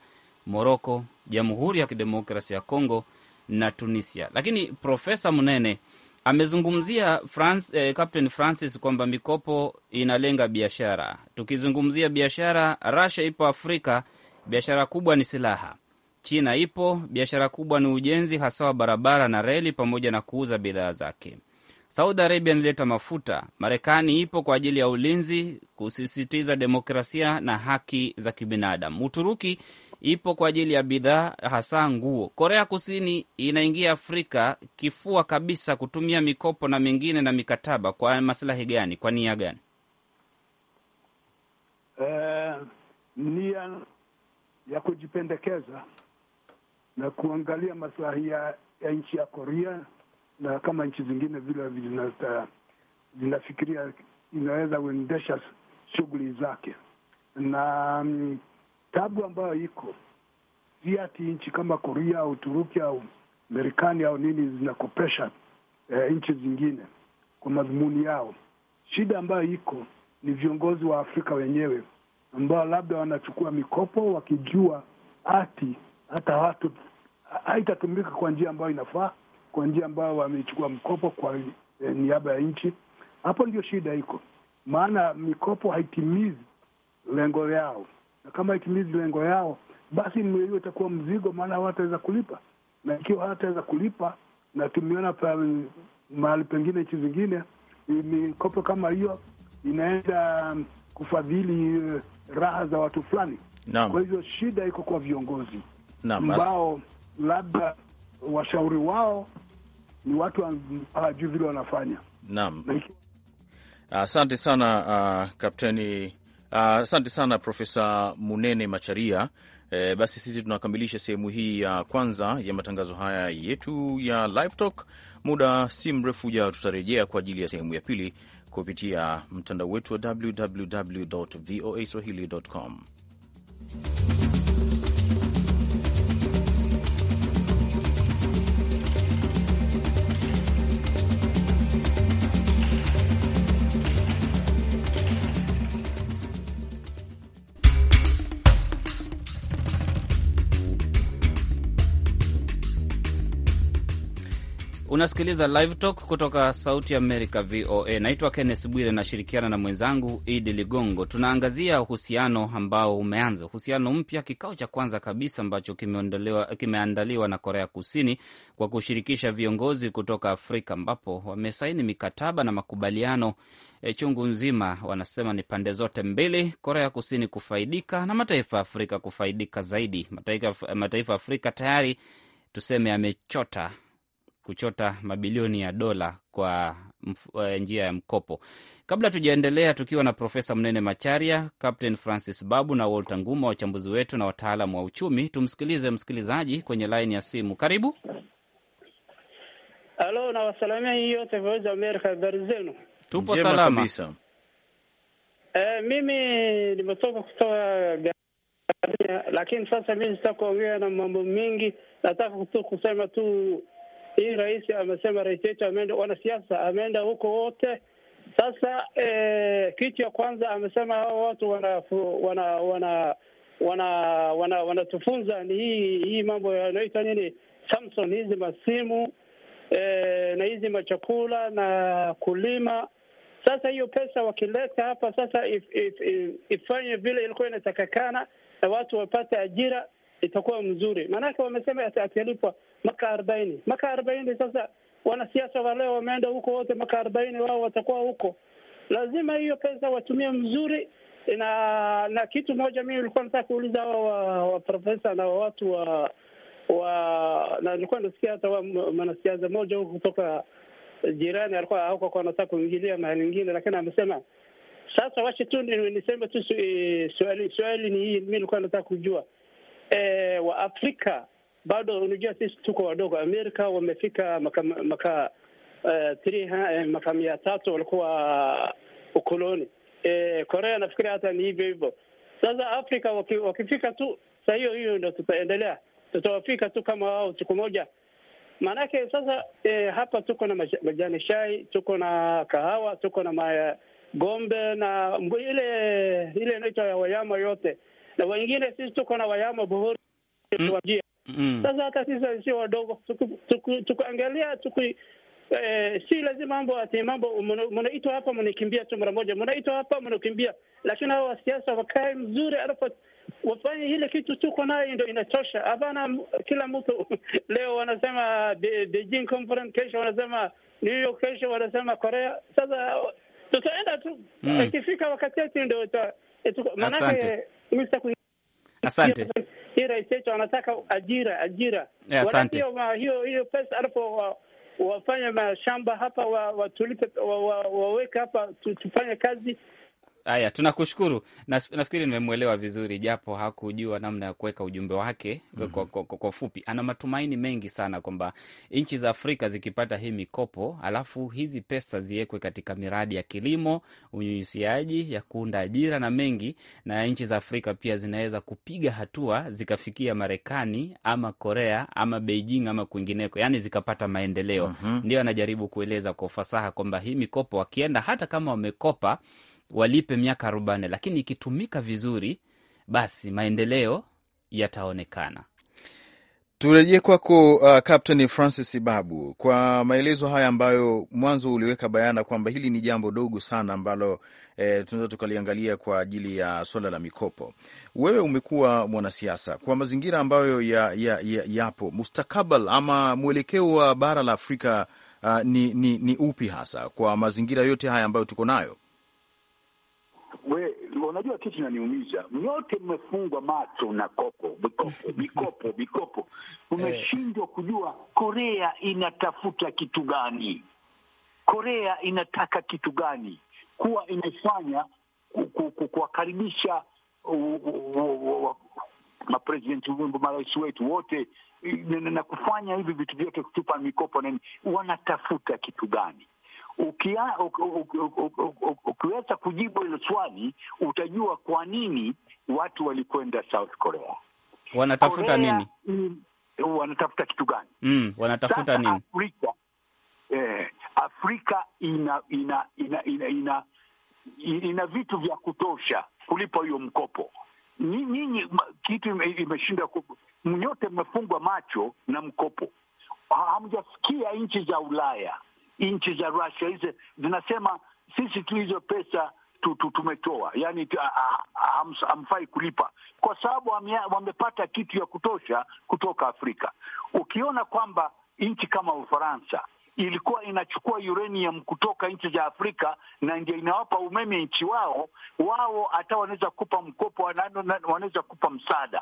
Moroko, Jamhuri ya Kidemokrasia ya congo na Tunisia. Lakini Profesa Munene amezungumzia France, eh, Captain Francis kwamba mikopo inalenga biashara. Tukizungumzia biashara, Russia ipo Afrika, biashara kubwa ni silaha. China ipo, biashara kubwa ni ujenzi, hasa wa barabara na reli, pamoja na kuuza bidhaa zake. Saudi Arabia inaleta mafuta. Marekani ipo kwa ajili ya ulinzi, kusisitiza demokrasia na haki za kibinadamu. Uturuki ipo kwa ajili ya bidhaa, hasa nguo. Korea Kusini inaingia Afrika kifua kabisa, kutumia mikopo na mingine na mikataba. Kwa masilahi gani? Kwa nia gani? Uh, nia ya kujipendekeza na kuangalia maslahi ya nchi ya Korea na kama nchi zingine vile zinafikiria inaweza kuendesha shughuli zake. Na um, tabu ambayo iko si ati nchi kama Korea au Uturuki au Marekani au nini zinakopesha eh, nchi zingine kwa madhumuni yao. Shida ambayo iko ni viongozi wa Afrika wenyewe ambao labda wanachukua mikopo wakijua ati hata watu haitatumika kwa njia ambayo inafaa, kwa njia ambayo wamechukua mkopo kwa e, niaba ya nchi. Hapo ndio shida iko, maana mikopo haitimizi lengo yao, na kama haitimizi lengo yao, basi hiyo itakuwa mzigo, maana hawataweza kulipa, na ikiwa hawataweza kulipa, na tumeona mahali pengine nchi zingine mikopo kama hiyo inaenda kufadhili eh, raha za watu fulani. Kwa hivyo shida iko kwa viongozi ambao labda washauri wao ni watu hawajui vile wanafanya. Naam, asante sana uh, kapteni. Uh, asante uh, sana Profesa Munene Macharia. E, basi sisi tunakamilisha sehemu hii ya kwanza ya matangazo haya yetu ya Live Talk. Muda si mrefu ujao tutarejea kwa ajili ya sehemu ya pili kupitia mtandao wetu wa www voa swahili.com. Unasikiliza Live Talk kutoka Sauti Amerika, VOA. Naitwa kennes Bwire, nashirikiana na mwenzangu Idi Ligongo. Tunaangazia uhusiano ambao umeanza, uhusiano mpya, kikao cha kwanza kabisa ambacho kimeandaliwa na Korea Kusini kwa kushirikisha viongozi kutoka Afrika, ambapo wamesaini mikataba na makubaliano e, chungu nzima. Wanasema ni pande zote mbili, Korea Kusini kufaidika na mataifa ya Afrika kufaidika zaidi. Mataifa ya Afrika tayari tuseme yamechota kuchota mabilioni ya dola kwa eh, njia ya mkopo. Kabla tujaendelea, tukiwa na Profesa Mnene Macharia, Captain Francis Babu na Walter Nguma, wachambuzi wetu na wataalamu wa uchumi, tumsikilize msikilizaji kwenye laini ya simu. Karibu. Halo, nawasalamia yote Voice of America, habari zenu? Tupo salama kabisa. E, mimi nimetoka kutoka lakini sasa mimi sitaka kuongea na mambo mengi, nataka kusema tu hii rais amesema, rais wetu ameenda, wanasiasa ameenda huko wote. Sasa eh, kitu ya kwanza amesema hao watu wana wana wana wana wanatufunza wana ni hii hii mambo yanaitwa nini, Samson, hizi masimu eh, na hizi machakula na kulima. Sasa hiyo pesa wakileta hapa sasa if, if, if, ifanye vile ilikuwa inatakikana na watu wapate ajira, itakuwa mzuri, maanake wamesema atalipwa maka arobaini maka arobaini Sasa wanasiasa waleo wameenda huko wote maka arobaini, wao watakuwa huko. Lazima hiyo pesa watumie mzuri. Na na kitu moja mii nilikuwa nataka kuuliza hao wa, wa profesa na wa watu wa wa na nilikuwa nasikia hata mwanasiasa moja huko kutoka jirani alikuwa huko nataka kuingilia mahali ingine, lakini amesema sasa, wache tu niseme tu swali, swali ni hii, mi nilikuwa nataka kujua e, eh, Waafrika bado unajua sisi tuko wadogo. Amerika wamefika maka, maka, uh, mia tatu walikuwa ukoloni. E, Korea nafikiri hata ni hivyo hivyo. Sasa Afrika waki, wakifika tu saa hiyo hiyo ndo tutaendelea, tutawafika tu kama wao siku moja. Maanake sasa e, hapa tuko na majani shai, tuko na kahawa, tuko na magombe na mbu, ile ile inaitwa ya wayama yote, na wengine sisi tuko na wayama buhuri mm. Mm. Sasa hata sisi sio wadogo, tukuangalia tuki Eh, si lazima mambo ati mambo mnaitwa hapa mnakimbia tu mara moja, mnaitwa hapa mnakimbia. Lakini hao wasiasa wakae mzuri, alafu wafanye ile kitu tuko nayo ndio inatosha. Hapana, kila mtu [laughs] leo wanasema Beijing conference, kesho wanasema New York, kesho wanasema Korea. Sasa tutaenda tu mm. ikifika mm. wakati ati ndio maanake, asante si rais wetu anataka ajira ajira. Eh, asante. Hiyo hiyo pesa alipo wafanya mashamba hapa watulipe, waweke hapa tufanye kazi Haya, tunakushukuru. Nafikiri nimemwelewa vizuri, japo hakujua namna ya kuweka ujumbe wake mm -hmm. Kwa, kwa, kwa ufupi, ana matumaini mengi sana kwamba nchi za Afrika zikipata hii mikopo, alafu hizi pesa ziwekwe katika miradi ya kilimo, unyunyusiaji, ya kuunda ajira na mengi, na nchi za Afrika pia zinaweza kupiga hatua zikafikia Marekani ama Korea ama Beijing ama kwingineko, yani zikapata maendeleo mm -hmm. Ndio anajaribu kueleza kwa ufasaha kwamba hii mikopo wakienda, hata kama wamekopa walipe miaka arobaini, lakini ikitumika vizuri, basi maendeleo yataonekana. Turejee kwako uh, Captain Francis Babu, kwa maelezo haya ambayo mwanzo uliweka bayana kwamba hili ni jambo dogo sana ambalo eh, tunaweza tukaliangalia kwa ajili ya swala la mikopo. Wewe umekuwa mwanasiasa kwa mazingira ambayo yapo ya, ya, yapo, mustakabali ama mwelekeo wa bara la Afrika uh, ni, ni, ni upi hasa kwa mazingira yote haya ambayo tuko nayo? we, unajua kitu inaniumiza, nyote mmefungwa macho na koko mikopo mikopo [laughs] mikopo, mmeshindwa eh. kujua Korea inatafuta kitu gani, Korea inataka kitu gani kuwa imefanya kuwakaribisha maprezidenti marais wetu wote eh, na kufanya hivi vitu vyote, kutupa mikopo nini, wanatafuta kitu gani? ukiweza kujibu hilo swali utajua kwa nini watu walikwenda South Korea. Wanatafuta Korea, nini? Wanatafuta kitu gani? Mm, wanatafuta nini? Afrika, eh, Afrika ina ina ina ina, ina ina vitu vya kutosha kulipa hiyo mkopo. Nyinyi kitu imeshinda, mnyote mmefungwa macho na mkopo. Hamjasikia nchi za Ulaya nchi za Russia hizi zinasema sisi tu hizo pesa tumetoa, yani hamfai kulipa kwa sababu wamepata kitu ya kutosha kutoka Afrika. Ukiona kwamba nchi kama Ufaransa ilikuwa inachukua uranium kutoka nchi za Afrika na ndio inawapa umeme nchi wao, wao hata wanaweza kupa mkopo, wanaweza kupa msaada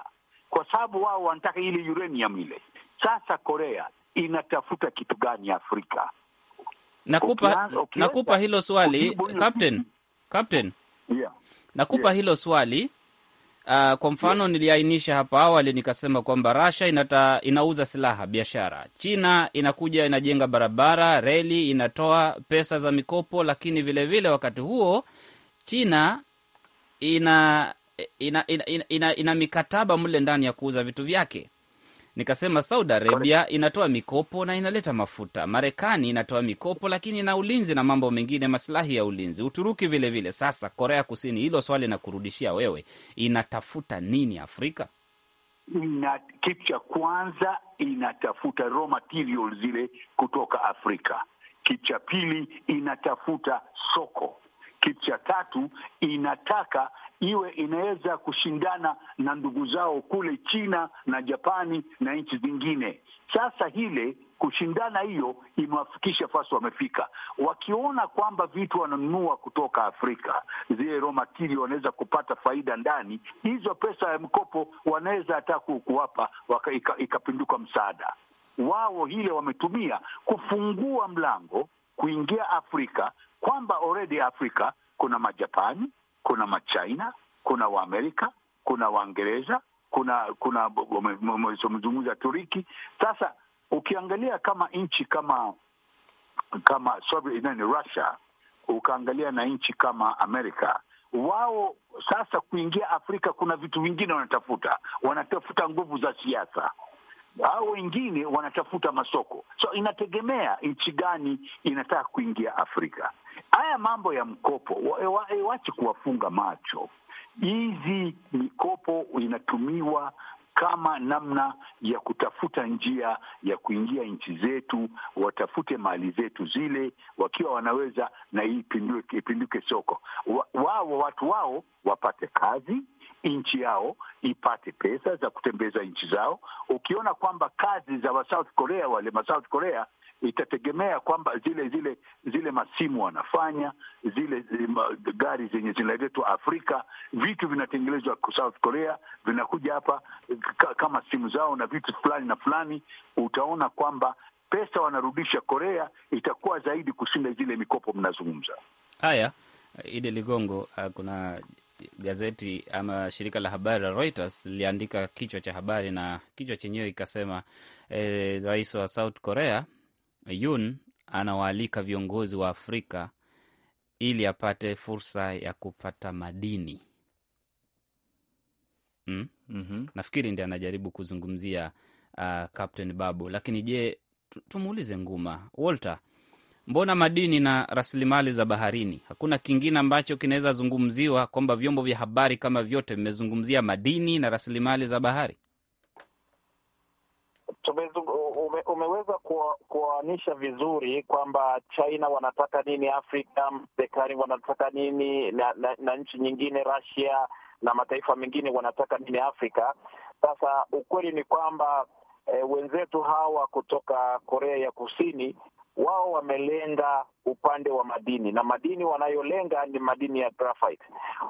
kwa sababu wao wanataka ile uranium ile. Sasa Korea inatafuta kitu gani Afrika? Nakupa, nakupa hilo swali Captain, Captain. Yeah. Nakupa yeah, hilo swali uh, kwa mfano yeah, niliainisha hapa awali nikasema kwamba Russia inata, inauza silaha biashara, China inakuja inajenga barabara, reli, inatoa pesa za mikopo, lakini vilevile vile wakati huo China ina ina, ina, ina, ina, ina mikataba mle ndani ya kuuza vitu vyake Nikasema Saudi Arabia inatoa mikopo na inaleta mafuta, Marekani inatoa mikopo lakini na ulinzi na mambo mengine, masilahi ya ulinzi, Uturuki vilevile vile. Sasa Korea Kusini, hilo swali na kurudishia wewe, inatafuta nini Afrika? Na kitu cha kwanza inatafuta raw zile kutoka Afrika. Kitu cha pili inatafuta soko. Kitu cha tatu inataka iwe inaweza kushindana na ndugu zao kule China na Japani na nchi zingine. Sasa hile kushindana hiyo imewafikisha fasi wamefika, wakiona kwamba vitu wananunua kutoka Afrika, zile raw material wanaweza kupata faida ndani, hizo pesa ya mkopo wanaweza hata kuwapa ikapinduka msaada wao. Hile wametumia kufungua mlango kuingia Afrika, kwamba already Afrika kuna majapani kuna Machina, kuna Waamerika, kuna Waingereza, kuna kuna wamezungumza Turiki. Sasa ukiangalia kama nchi kama kama nani Russia, ukaangalia na nchi kama Amerika, wao sasa kuingia Afrika kuna vitu vingine wanatafuta, wanatafuta nguvu za siasa au wengine wanatafuta masoko. So inategemea nchi gani inataka kuingia Afrika. Haya mambo ya mkopo eh, eh, wache kuwafunga macho. Hizi mikopo inatumiwa kama namna ya kutafuta njia ya kuingia nchi zetu, watafute mali zetu zile wakiwa wanaweza, na hii ipinduke soko, wao watu wao wapate kazi nchi yao ipate pesa za kutembeza nchi zao. Ukiona kwamba kazi za wa South Korea wale ma South Korea itategemea kwamba zile zile zile masimu wanafanya zile gari zenye zinaletwa Afrika, vitu vinatengenezwa South Korea vinakuja hapa kama simu zao na vitu fulani na fulani, utaona kwamba pesa wanarudisha Korea itakuwa zaidi kushinda zile mikopo mnazungumza. Haya, Idi Ligongo, ah, kuna gazeti ama shirika la habari la Reuters liliandika kichwa cha habari na kichwa chenyewe ikasema e, rais wa South Korea Yoon anawaalika viongozi wa Afrika ili apate fursa ya kupata madini mm? Mm -hmm. Mhm. Nafikiri ndi anajaribu kuzungumzia uh, Captain Babu, lakini je, tumuulize Nguma Walter Mbona madini na rasilimali za baharini? Hakuna kingine ambacho kinaweza zungumziwa, kwamba vyombo vya habari kama vyote vimezungumzia madini na rasilimali za bahari. Ume, umeweza kuoanisha vizuri kwamba China wanataka nini, Afrika Marekani wanataka nini, na, na, na nchi nyingine Russia na mataifa mengine wanataka nini Afrika. Sasa ukweli ni kwamba e, wenzetu hawa kutoka Korea ya Kusini wao wamelenga upande wa madini na madini wanayolenga ni madini ya graphite,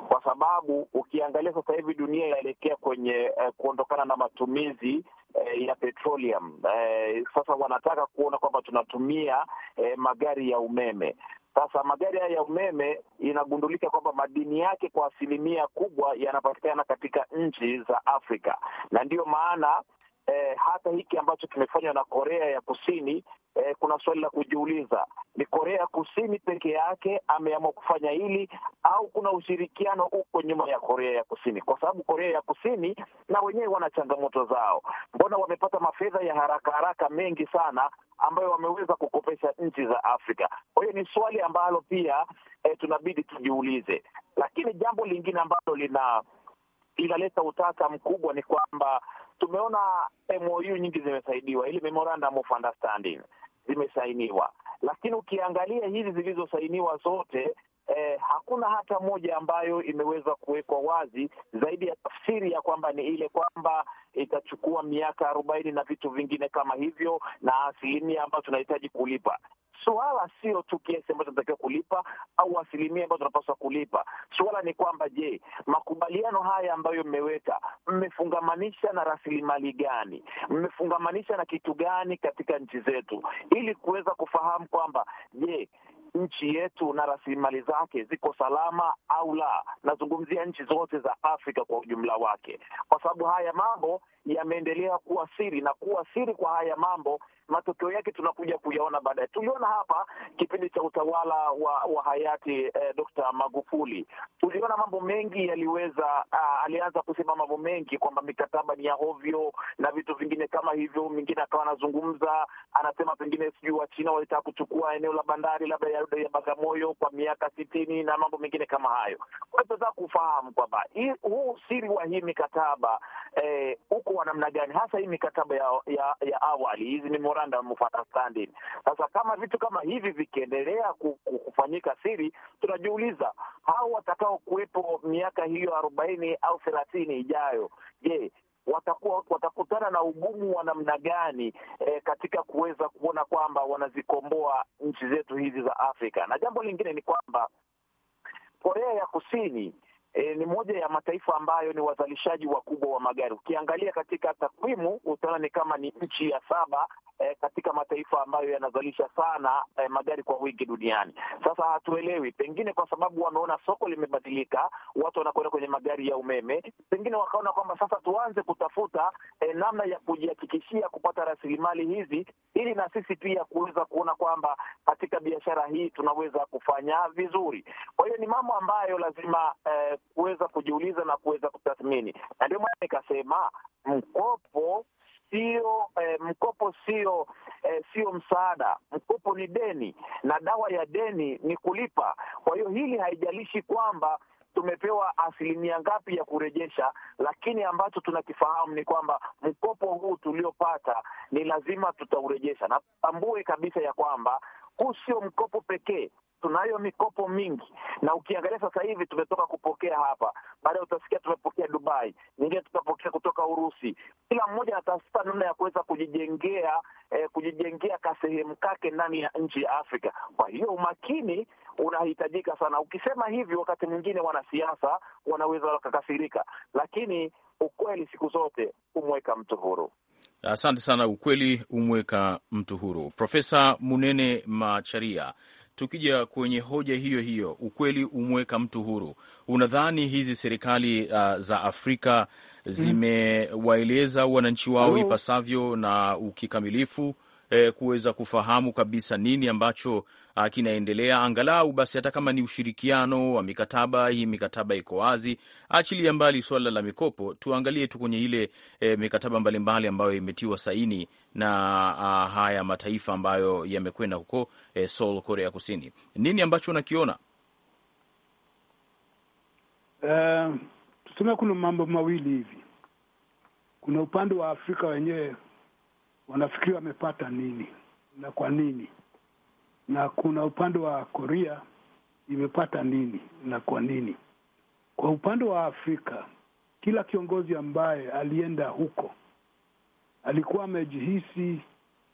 kwa sababu ukiangalia sasa hivi dunia inaelekea kwenye uh, kuondokana na matumizi uh, ya petroleum uh, sasa wanataka kuona kwamba tunatumia uh, magari ya umeme. Sasa magari haya ya umeme inagundulika kwamba madini yake kwa asilimia kubwa yanapatikana katika nchi za Afrika na ndiyo maana Eh, hata hiki ambacho kimefanywa na Korea ya Kusini eh, kuna swali la kujiuliza, ni Korea Kusini peke yake ameamua kufanya hili au kuna ushirikiano huko nyuma ya Korea ya Kusini? Kwa sababu Korea ya Kusini na wenyewe wana changamoto zao. Mbona wamepata mafedha ya haraka haraka mengi sana ambayo wameweza kukopesha nchi za Afrika? Kwa hiyo ni swali ambalo pia eh, tunabidi tujiulize, lakini jambo lingine ambalo lina linaleta utata mkubwa ni kwamba tumeona MOU nyingi zimesaidiwa, ili memorandum of understanding zimesainiwa, lakini ukiangalia hizi zilizosainiwa zote eh, hakuna hata moja ambayo imeweza kuwekwa wazi zaidi ya tafsiri ya kwamba ni ile kwamba itachukua miaka arobaini na vitu vingine kama hivyo na asilimia ambayo tunahitaji kulipa. Suala sio tu kiasi ambacho tunatakiwa kulipa au asilimia ambayo tunapaswa kulipa. Suala ni kwamba, je, makubaliano haya ambayo mmeweka mmefungamanisha na rasilimali gani? Mmefungamanisha na kitu gani katika nchi zetu, ili kuweza kufahamu kwamba je nchi yetu na rasilimali zake ziko salama au la. Nazungumzia nchi zote za Afrika kwa ujumla wake, kwa sababu haya mambo yameendelea kuwa siri, na kuwa siri kwa haya mambo matokeo yake tunakuja kuyaona baadaye. Tuliona hapa kipindi cha utawala wa, wa hayati eh, Dr. Magufuli, tuliona mambo mengi yaliweza, uh, alianza kusema mambo mengi kwamba mikataba ni ya hovyo na vitu vingine kama hivyo. Mingine akawa anazungumza anasema pengine sijui Wachina walitaka kuchukua eneo la bandari labda ya, ya Bagamoyo kwa miaka sitini na mambo mengine kama hayo. Kwa hiyo tunataka kufahamu kwamba huu usiri wa hii mikataba eh, uko wa namna gani hasa hii mikataba ya, ya, ya awali hizi memorandum of Sasa kama vitu kama hivi vikiendelea kufanyika siri, tunajiuliza hao watakao kuwepo miaka hiyo arobaini au thelathini ijayo, je, watakuwa watakutana na ugumu wa namna gani e, katika kuweza kuona kwamba wanazikomboa nchi zetu hizi za Afrika. Na jambo lingine ni kwamba Korea ya Kusini e, ni moja ya mataifa ambayo ni wazalishaji wakubwa wa magari. Ukiangalia katika takwimu utaona ni kama ni nchi ya saba e, katika mataifa ambayo yanazalisha sana e, magari kwa wingi duniani. Sasa hatuelewi, pengine kwa sababu wameona soko limebadilika, watu wanakwenda kwenye magari ya umeme, pengine wakaona kwamba sasa tuanze kutafuta e, namna ya kujihakikishia kupata rasilimali hizi, ili na sisi pia kuweza kuona kwamba katika biashara hii tunaweza kufanya vizuri. Kwa hiyo ni mambo ambayo lazima e, kuweza kujiuliza na kuweza kutathmini, na ndio maana nikasema mkopo sio eh, mkopo sio eh, sio msaada. Mkopo ni deni, na dawa ya deni ni kulipa. Kwa hiyo hili haijalishi kwamba tumepewa asilimia ngapi ya kurejesha, lakini ambacho tunakifahamu ni kwamba mkopo huu tuliopata ni lazima tutaurejesha, na tutambue kabisa ya kwamba huu sio mkopo pekee, tunayo mikopo mingi, na ukiangalia sasa hivi tumetoka kupokea hapa, baadaye utasikia tumepokea Dubai, nyingine tutapokea kutoka Urusi. Kila mmoja anatafuta namna ya kuweza kujijengea eh, kujijengea kasehemu kake ndani ya nchi ya Afrika. Kwa hiyo umakini unahitajika sana. Ukisema hivi, wakati mwingine wanasiasa wanaweza wakakasirika, lakini ukweli siku zote humweka mtu huru. Asante sana. Ukweli umweka mtu huru. Profesa Munene Macharia tukija kwenye hoja hiyo hiyo, ukweli umweka mtu huru, unadhani hizi serikali uh, za Afrika mm-hmm. zimewaeleza wananchi wao oh. ipasavyo na ukikamilifu? eh, kuweza kufahamu kabisa nini ambacho ah, kinaendelea, angalau basi hata kama ni ushirikiano wa mikataba hii. Mikataba iko wazi, achilia mbali swala la mikopo, tuangalie tu kwenye ile eh, mikataba mbalimbali ambayo imetiwa saini na ah, haya mataifa ambayo yamekwenda huko eh, Seoul, Korea Kusini. Nini ambacho unakiona? Uh, tuseme kuna mambo mawili hivi. Kuna upande wa Afrika wenyewe wanafikiri wamepata nini na kwa nini, na kuna upande wa Korea imepata nini na kwa nini. Kwa upande wa Afrika, kila kiongozi ambaye alienda huko alikuwa amejihisi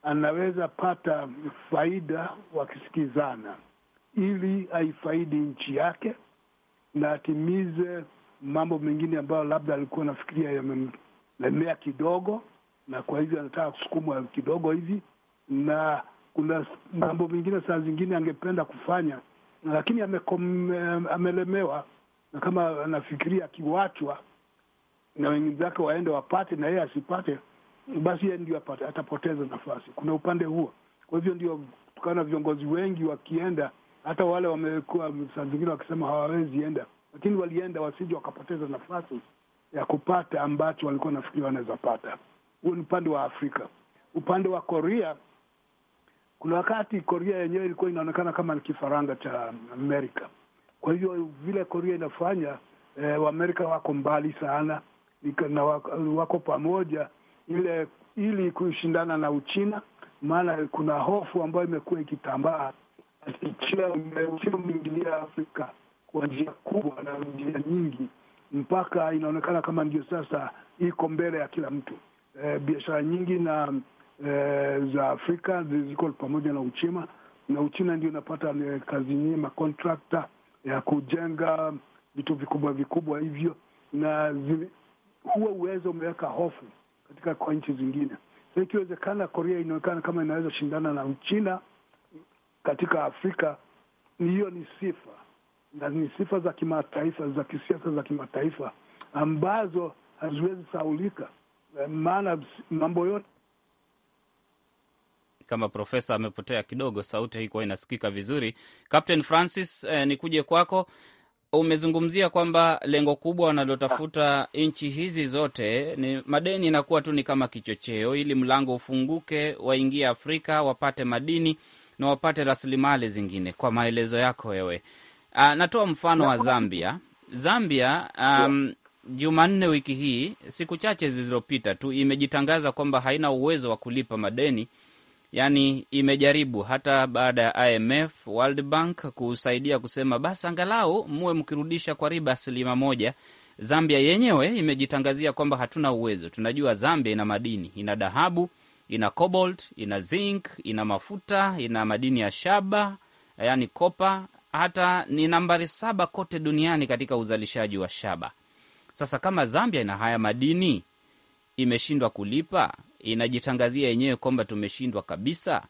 anaweza pata faida wakisikizana, ili aifaidi nchi yake na atimize mambo mengine ambayo labda alikuwa anafikiria yamemlemea kidogo na kwa hivyo anataka kusukumwa kidogo hivi, na kuna mambo mengine saa zingine angependa kufanya, lakini amelemewa, na kama anafikiria akiwachwa na wenzake waende wapate na yeye asipate, basi yeye ndio atapoteza nafasi. Kuna upande huo. Kwa hivyo ndio tukaona viongozi wengi wakienda, hata wale wamekuwa saa zingine wakisema hawawezi enda, lakini walienda wasije wakapoteza nafasi ya kupata ambacho walikuwa nafikiri wanaweza pata. Huo ni upande wa Afrika. Upande wa Korea, kuna wakati Korea yenyewe ilikuwa inaonekana kama ni kifaranga cha Amerika. Kwa hivyo vile Korea inafanya eh, Waamerika wako mbali sana na wako pamoja ile ili kushindana na Uchina, maana kuna hofu ambayo imekuwa ikitambaa China umeingilia Afrika kwa njia kubwa na njia nyingi, mpaka inaonekana kama ndio sasa iko mbele ya kila mtu eh, biashara nyingi na eh, za Afrika ziko pamoja na Uchina na Uchina ndio inapata eh, kazi nyingi makontrakta ya kujenga vitu vikubwa vikubwa hivyo, na zi, huo uwezo umeweka hofu katika kwa nchi zingine. So, ikiwezekana, Korea inaonekana kama inaweza shindana na Uchina katika Afrika, hiyo ni sifa na ni sifa za kimataifa za kisiasa za kimataifa ambazo haziwezi saulika. Eh, maana mambo yote kama profesa amepotea kidogo, sauti haikuwa inasikika vizuri. Captain Francis, eh, ni kuje kwako. Umezungumzia kwamba lengo kubwa wanalotafuta nchi hizi zote ni madeni, inakuwa tu ni kama kichocheo, ili mlango ufunguke, waingie Afrika wapate madini na wapate rasilimali zingine. Kwa maelezo yako wewe, ah, natoa mfano wa Zambia. Zambia um, Jumanne wiki hii, siku chache zilizopita tu, imejitangaza kwamba haina uwezo wa kulipa madeni. Yaani imejaribu hata baada ya IMF, World Bank kusaidia kusema basi angalau muwe mkirudisha kwa riba asilimia moja. Zambia yenyewe imejitangazia kwamba hatuna uwezo. Tunajua Zambia ina madini, ina dhahabu, ina cobalt, ina zinc, ina mafuta, ina madini ya shaba, yani kopa, hata ni nambari saba kote duniani katika uzalishaji wa shaba. Sasa kama Zambia ina haya madini imeshindwa kulipa, inajitangazia yenyewe kwamba tumeshindwa kabisa.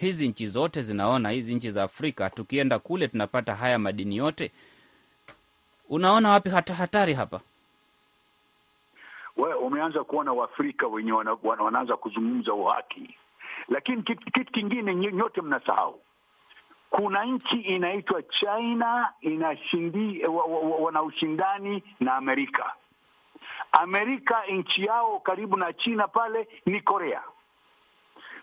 Hizi nchi zote zinaona, hizi nchi za Afrika, tukienda kule tunapata haya madini yote. Unaona wapi hata hatari hapa? We, umeanza kuona Waafrika wenye wanaanza kuzungumza uhaki, lakini kitu kingine nyote mnasahau kuna nchi inaitwa China inashindi, wana ushindani na Amerika. Amerika nchi yao karibu na China pale ni Korea.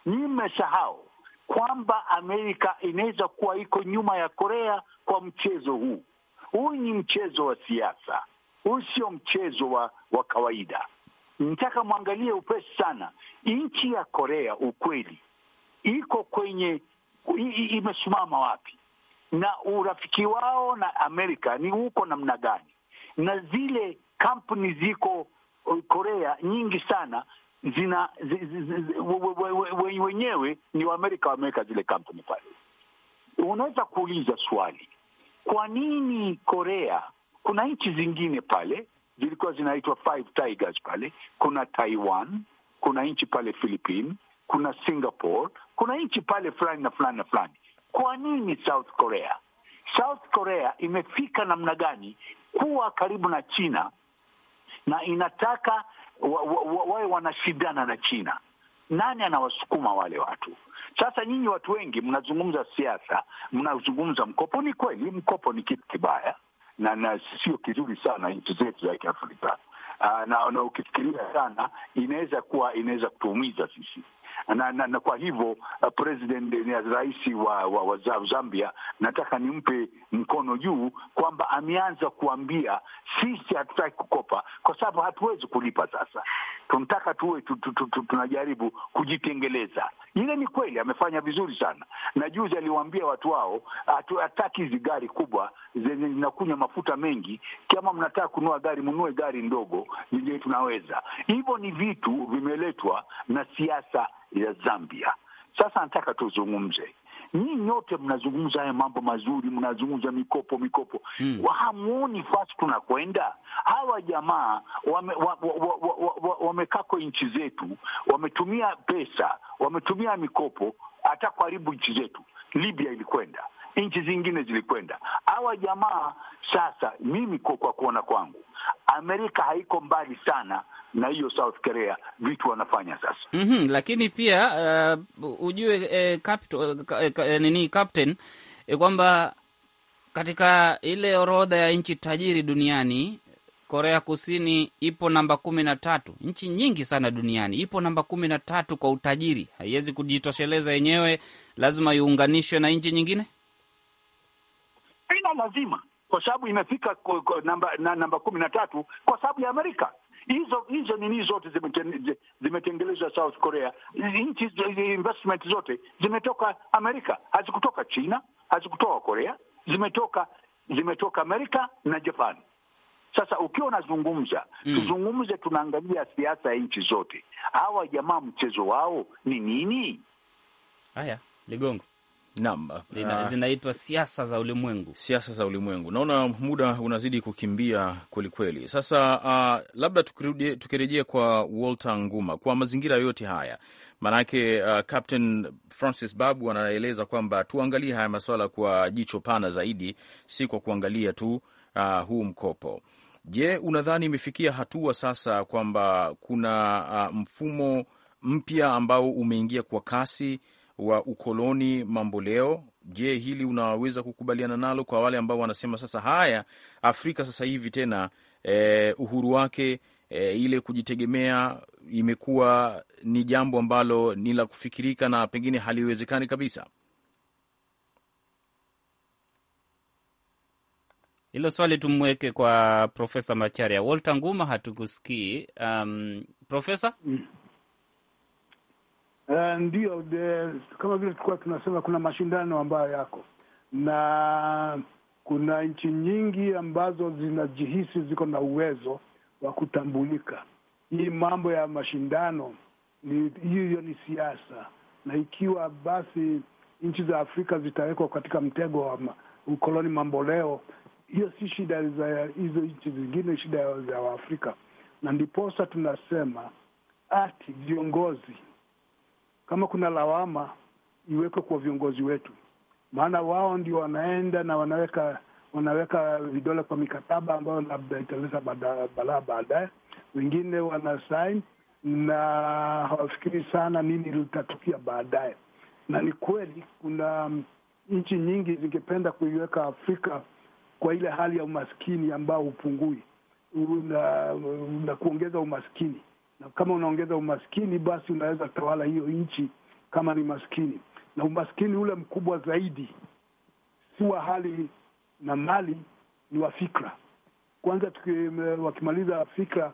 ni mmesahau kwamba Amerika inaweza kuwa iko nyuma ya Korea kwa mchezo huu. Huu ni mchezo wa siasa, huu sio mchezo wa, wa kawaida. Nitaka mwangalie upesi sana nchi ya Korea, ukweli iko kwenye imesimama wapi na urafiki wao na Amerika ni uko namna gani, na zile kampuni ziko uh, Korea nyingi sana zina zi, zi, zi, wenyewe we, we, we, ni Waamerika wameweka zile kampuni pale. Unaweza kuuliza swali, kwa nini Korea? Kuna nchi zingine pale zilikuwa zinaitwa Five Tigers pale, kuna Taiwan, kuna nchi pale Philippines, kuna Singapore, kuna nchi pale fulani na fulani na fulani. Kwa nini South Korea? South Korea imefika namna gani kuwa karibu na China na inataka wawe wa, wa, wa, wanashindana na China? Nani anawasukuma wale watu? Sasa nyinyi watu wengi mnazungumza siasa, mnazungumza mkopo. Ni kweli mkopo ni kitu kibaya na, na sio kizuri sana nchi zetu za Kiafrika ah, na, na ukifikiria sana inaweza kuwa inaweza kutuumiza sisi na, na, na kwa hivyo uh, president rais wa, wa, wa Zambia nataka nimpe mkono juu kwamba ameanza kuambia sisi hatutaki kukopa kwa sababu hatuwezi kulipa. Sasa tunataka tuwe tunajaribu kujitengeleza. Ile ni kweli, amefanya vizuri sana, na juzi aliwaambia watu wao hatutaki hizi gari kubwa zenye zinakunywa mafuta mengi. Kama mnataka kunua gari, mnunue gari ndogo, tunaweza hivyo. Ni vitu vimeletwa na siasa ya Zambia. Sasa nataka tuzungumze, nyinyi nyote mnazungumza haya mambo mazuri, mnazungumza mikopo mikopo, hmm. hamuoni fasi tunakwenda? Hawa jamaa wamekaa wa, wa, wa, wa, wa, wame kwa nchi zetu, wametumia pesa, wametumia mikopo hata kuharibu nchi zetu. Libya ilikwenda nchi zingine zilikwenda. Hawa jamaa sasa, mimi kwa kuona kwangu, Amerika haiko mbali sana na hiyo South Korea, vitu wanafanya sasa. mm -hmm, lakini pia uh, ujue eh, capital, eh, eh, eh, nini captain eh, kwamba katika ile orodha ya nchi tajiri duniani Korea Kusini ipo namba kumi na tatu. Nchi nyingi sana duniani ipo namba kumi na tatu kwa utajiri, haiwezi kujitosheleza yenyewe, lazima iunganishwe na nchi nyingine haina lazima kwa sababu imefika namba na, namba kumi na tatu kwa sababu ya Amerika. Hizo hizo nini zote zimetengenezwa South Korea, nchi investment zote zimetoka Amerika, hazikutoka China, hazikutoka Korea, zimetoka zimetoka Amerika na Japan. Sasa ukiwa unazungumza mm, tuzungumze, tunaangalia siasa ya nchi zote. Hawa jamaa mchezo wao ni nini? Haya, Ligongo Naam, ah. zinaitwa siasa za ulimwengu, siasa za ulimwengu. Naona muda unazidi kukimbia kwelikweli. Sasa uh, labda tukirejea kwa Walter Nguma, kwa mazingira yote haya maanake, uh, Captain Francis Babu anaeleza kwamba tuangalie haya maswala kwa jicho pana zaidi, si kwa kuangalia tu uh, huu mkopo. Je, unadhani imefikia hatua sasa kwamba kuna uh, mfumo mpya ambao umeingia kwa kasi wa ukoloni mambo leo. Je, hili unaweza kukubaliana nalo kwa wale ambao wanasema sasa haya Afrika sasa hivi tena e, uhuru wake e, ile kujitegemea imekuwa ni jambo ambalo ni la kufikirika na pengine haliwezekani kabisa? Hilo swali tumweke kwa Profesa Macharia. Walter Nguma hatukusikii. Um, profesa mm. Eh, ndiyo de, kama vile tulikuwa tunasema kuna mashindano ambayo yako na kuna nchi nyingi ambazo zinajihisi ziko na uwezo wa kutambulika. Hii mambo ya mashindano ni hiyo ni siasa, na ikiwa basi nchi za Afrika zitawekwa katika mtego wa ukoloni mamboleo, hiyo si shida za hizo nchi zingine, shida za Waafrika, na ndiposa tunasema ati viongozi kama kuna lawama iwekwe kwa viongozi wetu, maana wao ndio wanaenda na wanaweka wanaweka vidole kwa mikataba ambayo labda italeta balaa baadaye. Wengine wana sign na hawafikiri sana nini litatukia baadaye. Na ni kweli kuna nchi nyingi zingependa kuiweka Afrika kwa ile hali ya umaskini ambao hupungui na, na kuongeza umaskini na kama unaongeza umaskini, basi unaweza tawala hiyo nchi kama ni maskini. Na umaskini ule mkubwa zaidi si wa hali na mali, ni wa fikra. Kwanza wakimaliza fikra,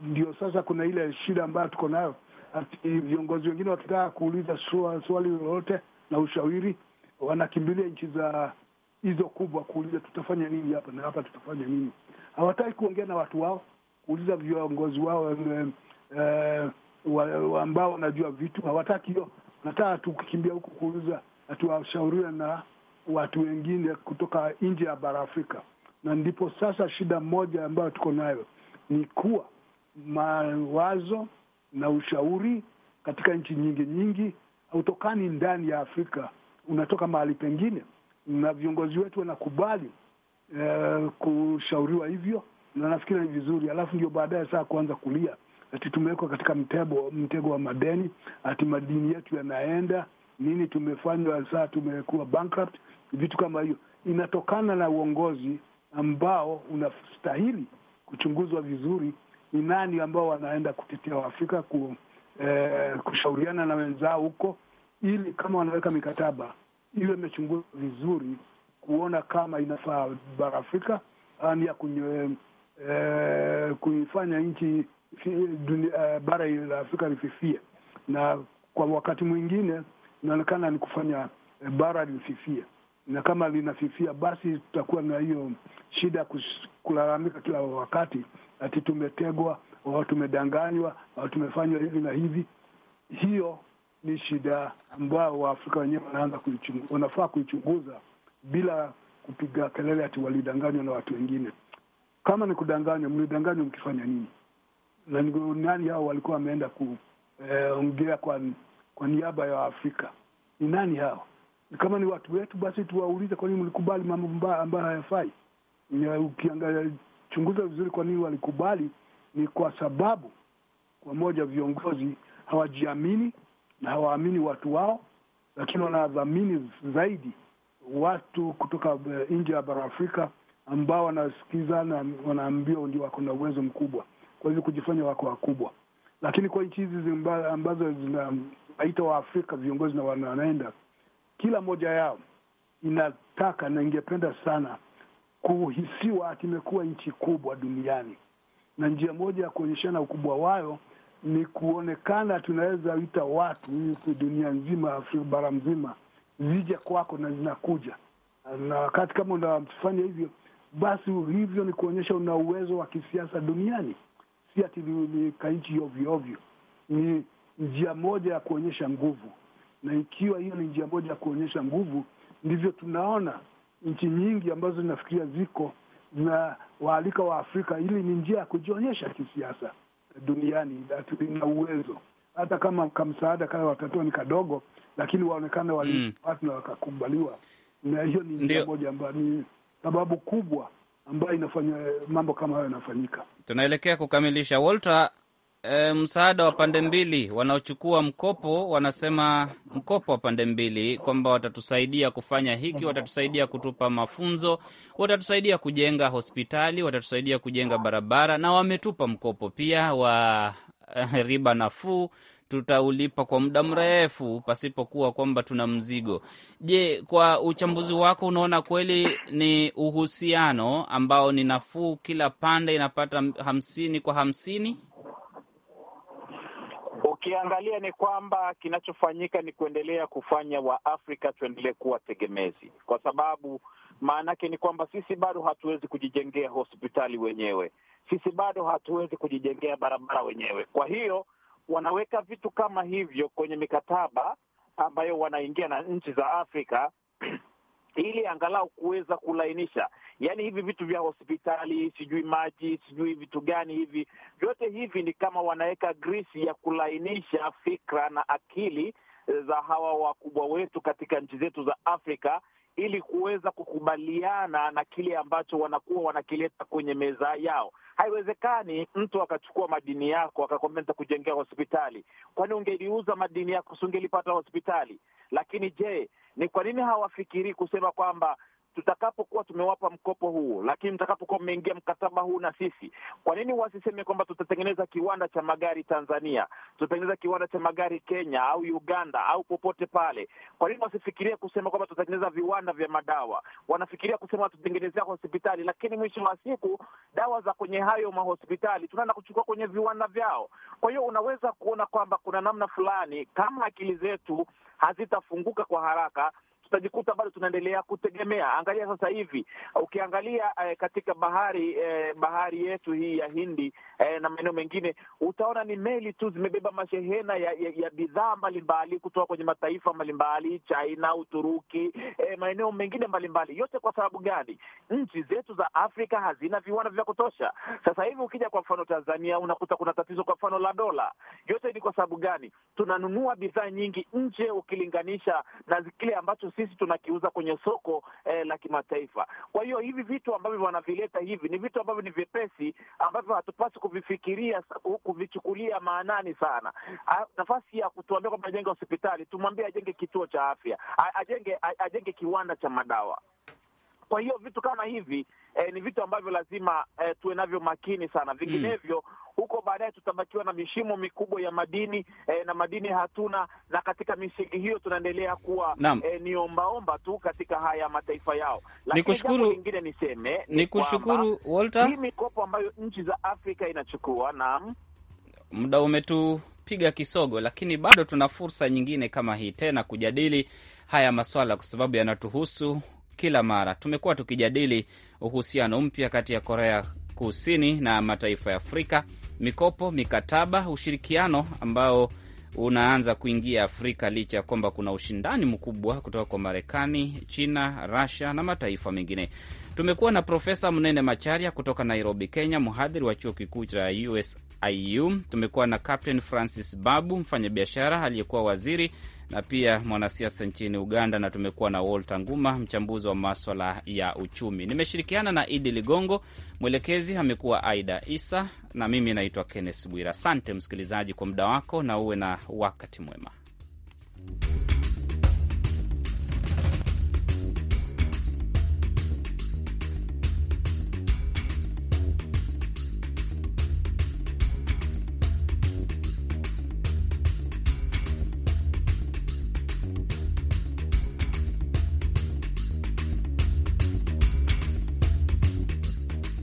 ndio sasa kuna ile shida ambayo tuko nayo, ati viongozi wengine wakitaka kuuliza swali lolote na ushauri, wanakimbilia nchi za hizo kubwa kuuliza tutafanya nini hapa na hapa, tutafanya nini. Hawataki kuongea na watu wao, kuuliza viongozi wao eh, wa, wa ambao wanajua vitu hawataki hiyo, nataka tukikimbia huku kuuza, tuwashauriwe na watu wengine kutoka nje ya bara Afrika. Na ndipo sasa shida moja ambayo tuko nayo ni kuwa mawazo na ushauri katika nchi nyingi nyingi hautokani ndani ya Afrika, unatoka mahali pengine, na viongozi wetu wanakubali eh, kushauriwa hivyo, na nafikiri ni vizuri, alafu ndio baadaye saa kuanza kulia ati tumewekwa katika mtego, mtego wa madeni, ati madini yetu yanaenda nini, tumefanywa saa tumekuwa bankrupt, vitu kama hiyo. Inatokana na uongozi ambao unastahili kuchunguzwa vizuri, ni nani ambao wanaenda kutetea Waafrika ku, eh, kushauriana na wenzao huko, ili kama wanaweka mikataba iwe imechunguzwa vizuri kuona kama inafaa bara Afrika ni ya eh, kuifanya nchi Eh, bara hili la Afrika lififie, na kwa wakati mwingine inaonekana ni kufanya eh, bara lififie, na kama linafifia, basi tutakuwa na hiyo shida kulalamika kila wakati ati tumetegwa au tumedanganywa au tumefanywa hivi na hivi. Hiyo ni shida ambayo Waafrika wenyewe wanaanza wanafaa kuichunguza bila kupiga kelele ati walidanganywa na watu wengine. Kama ni kudanganywa, mlidanganywa mkifanya nini? nani, nani hao walikuwa wameenda kuongea eh, kwa kwa niaba ya Afrika? Ni nani hao? Kama ni watu wetu, basi tuwaulize, kwa nini mlikubali mambo mbaya ambayo hayafai? Ukiangalia, chunguza vizuri, kwa nini walikubali. Ni kwa sababu kwa moja, viongozi hawajiamini na hawaamini watu wao, lakini wanadhamini zaidi watu kutoka eh, nje ya bara Afrika ambao wanasikiza na wanaambiwa ndio wako na uwezo mkubwa kwa hivyo kujifanya wako wakubwa. Lakini kwa nchi hizi ambazo zinaita Waafrika viongozi na wanaenda, kila moja yao inataka na ingependa sana kuhisiwa ati imekuwa nchi kubwa duniani, na njia moja ya kuonyeshana ukubwa wayo ni kuonekana tunaweza ita watu dunia nzima, Afrika bara mzima zija kwako na zinakuja, na wakati kama unafanya hivyo, basi hivyo ni kuonyesha una uwezo wa kisiasa duniani si ati nikaichi ovyo ovyo. Ni njia moja ya kuonyesha nguvu, na ikiwa hiyo ni njia moja ya kuonyesha nguvu, ndivyo tunaona nchi nyingi ambazo zinafikiria ziko na waalika wa Afrika ili ni njia ya kujionyesha kisiasa duniani, na uwezo hata kama kamsaada kale watatoa ni kadogo, lakini waonekana walipatna mm, wakakubaliwa, na hiyo ni njia moja ambayo ni sababu kubwa ambayo inafanya mambo kama hayo yanafanyika. Tunaelekea kukamilisha, Walter. E, msaada wa pande mbili, wanaochukua mkopo wanasema mkopo wa pande mbili kwamba watatusaidia kufanya hiki, watatusaidia kutupa mafunzo, watatusaidia kujenga hospitali, watatusaidia kujenga barabara, na wametupa mkopo pia wa eh, riba nafuu tutaulipa kwa muda mrefu pasipokuwa kwamba tuna mzigo. Je, kwa uchambuzi wako unaona kweli ni uhusiano ambao ni nafuu, kila pande inapata hamsini kwa hamsini? Ukiangalia ni kwamba kinachofanyika ni kuendelea kufanya Waafrika tuendelee kuwa tegemezi, kwa sababu maanake ni kwamba sisi bado hatuwezi kujijengea hospitali wenyewe, sisi bado hatuwezi kujijengea barabara wenyewe. Kwa hiyo wanaweka vitu kama hivyo kwenye mikataba ambayo wanaingia na nchi za Afrika [clears throat] ili angalau kuweza kulainisha, yaani hivi vitu vya hospitali, sijui maji, sijui vitu gani hivi, vyote hivi ni kama wanaweka grisi ya kulainisha fikra na akili e, za hawa wakubwa wetu katika nchi zetu za Afrika ili kuweza kukubaliana na kile ambacho wanakuwa wanakileta kwenye meza yao haiwezekani mtu akachukua madini yako akakomeza kujengea hospitali. Kwani ungeliuza madini yako usingelipata hospitali? Lakini je, ni kwa nini hawafikirii kusema kwamba tutakapokuwa tumewapa mkopo huo, lakini mtakapokuwa mmeingia mkataba huu na sisi, kwa nini wasiseme kwamba tutatengeneza kiwanda cha magari Tanzania, tutatengeneza kiwanda cha magari Kenya au Uganda au popote pale? Kwa nini wasifikiria kusema kwamba tutatengeneza viwanda vya madawa? Wanafikiria kusema tutatengenezea hospitali, lakini mwisho wa siku dawa za kwenye hayo mahospitali tunaenda kuchukua kwenye viwanda vyao. Kwa hiyo unaweza kuona kwamba kuna namna fulani, kama akili zetu hazitafunguka kwa haraka tutajikuta bado tunaendelea kutegemea. Angalia sasa hivi, ukiangalia eh, katika bahari eh, bahari yetu hii ya Hindi eh, na maeneo mengine, utaona ni meli tu zimebeba mashehena ya, ya, ya bidhaa mbalimbali kutoka kwenye mataifa mbalimbali, China, Uturuki, eh, maeneo mengine mbalimbali. Yote kwa sababu gani? Nchi zetu za Afrika hazina viwanda vya kutosha. Sasa hivi ukija kwa mfano Tanzania, unakuta kuna tatizo kwa mfano la dola. Yote ni kwa sababu gani? Tunanunua bidhaa nyingi nje ukilinganisha na kile ambacho sisi tunakiuza kwenye soko eh, la kimataifa. Kwa hiyo hivi vitu ambavyo wanavileta hivi ni vitu ambavyo ni vyepesi ambavyo hatupasi kuvifikiria kuvichukulia maanani sana. A, nafasi ya kutuambia kwamba ajenge hospitali, tumwambie ajenge kituo cha afya, ajenge ajenge kiwanda cha madawa. Kwa hiyo vitu kama hivi eh, ni vitu ambavyo lazima eh, tuwe navyo makini sana, mm. vinginevyo mm huko baadaye tutabakiwa na mishimo mikubwa ya madini eh, na madini hatuna, na katika misingi hiyo tunaendelea kuwa eh, ni ombaomba tu katika haya mataifa yao. Lakini kushukuru... lingine niseme ni kushukuru Walter, hii mikopo ambayo nchi za Afrika inachukua Naam, muda umetupiga kisogo, lakini bado tuna fursa nyingine kama hii tena kujadili haya maswala kwa sababu yanatuhusu kila mara. Tumekuwa tukijadili uhusiano mpya kati ya Korea Kusini na mataifa ya Afrika, mikopo, mikataba, ushirikiano ambao unaanza kuingia Afrika licha ya kwamba kuna ushindani mkubwa kutoka kwa Marekani, China, rasia na mataifa mengine. Tumekuwa na Profesa Mnene Macharia kutoka Nairobi, Kenya, mhadhiri wa chuo kikuu cha USIU. Tumekuwa na Captain Francis Babu, mfanyabiashara aliyekuwa waziri na pia mwanasiasa nchini Uganda, na tumekuwa na Walter Nguma, mchambuzi wa maswala ya uchumi. Nimeshirikiana na Idi Ligongo, mwelekezi amekuwa Aida Isa, na mimi naitwa Kenneth Bwira. Asante msikilizaji kwa muda wako, na uwe na wakati mwema.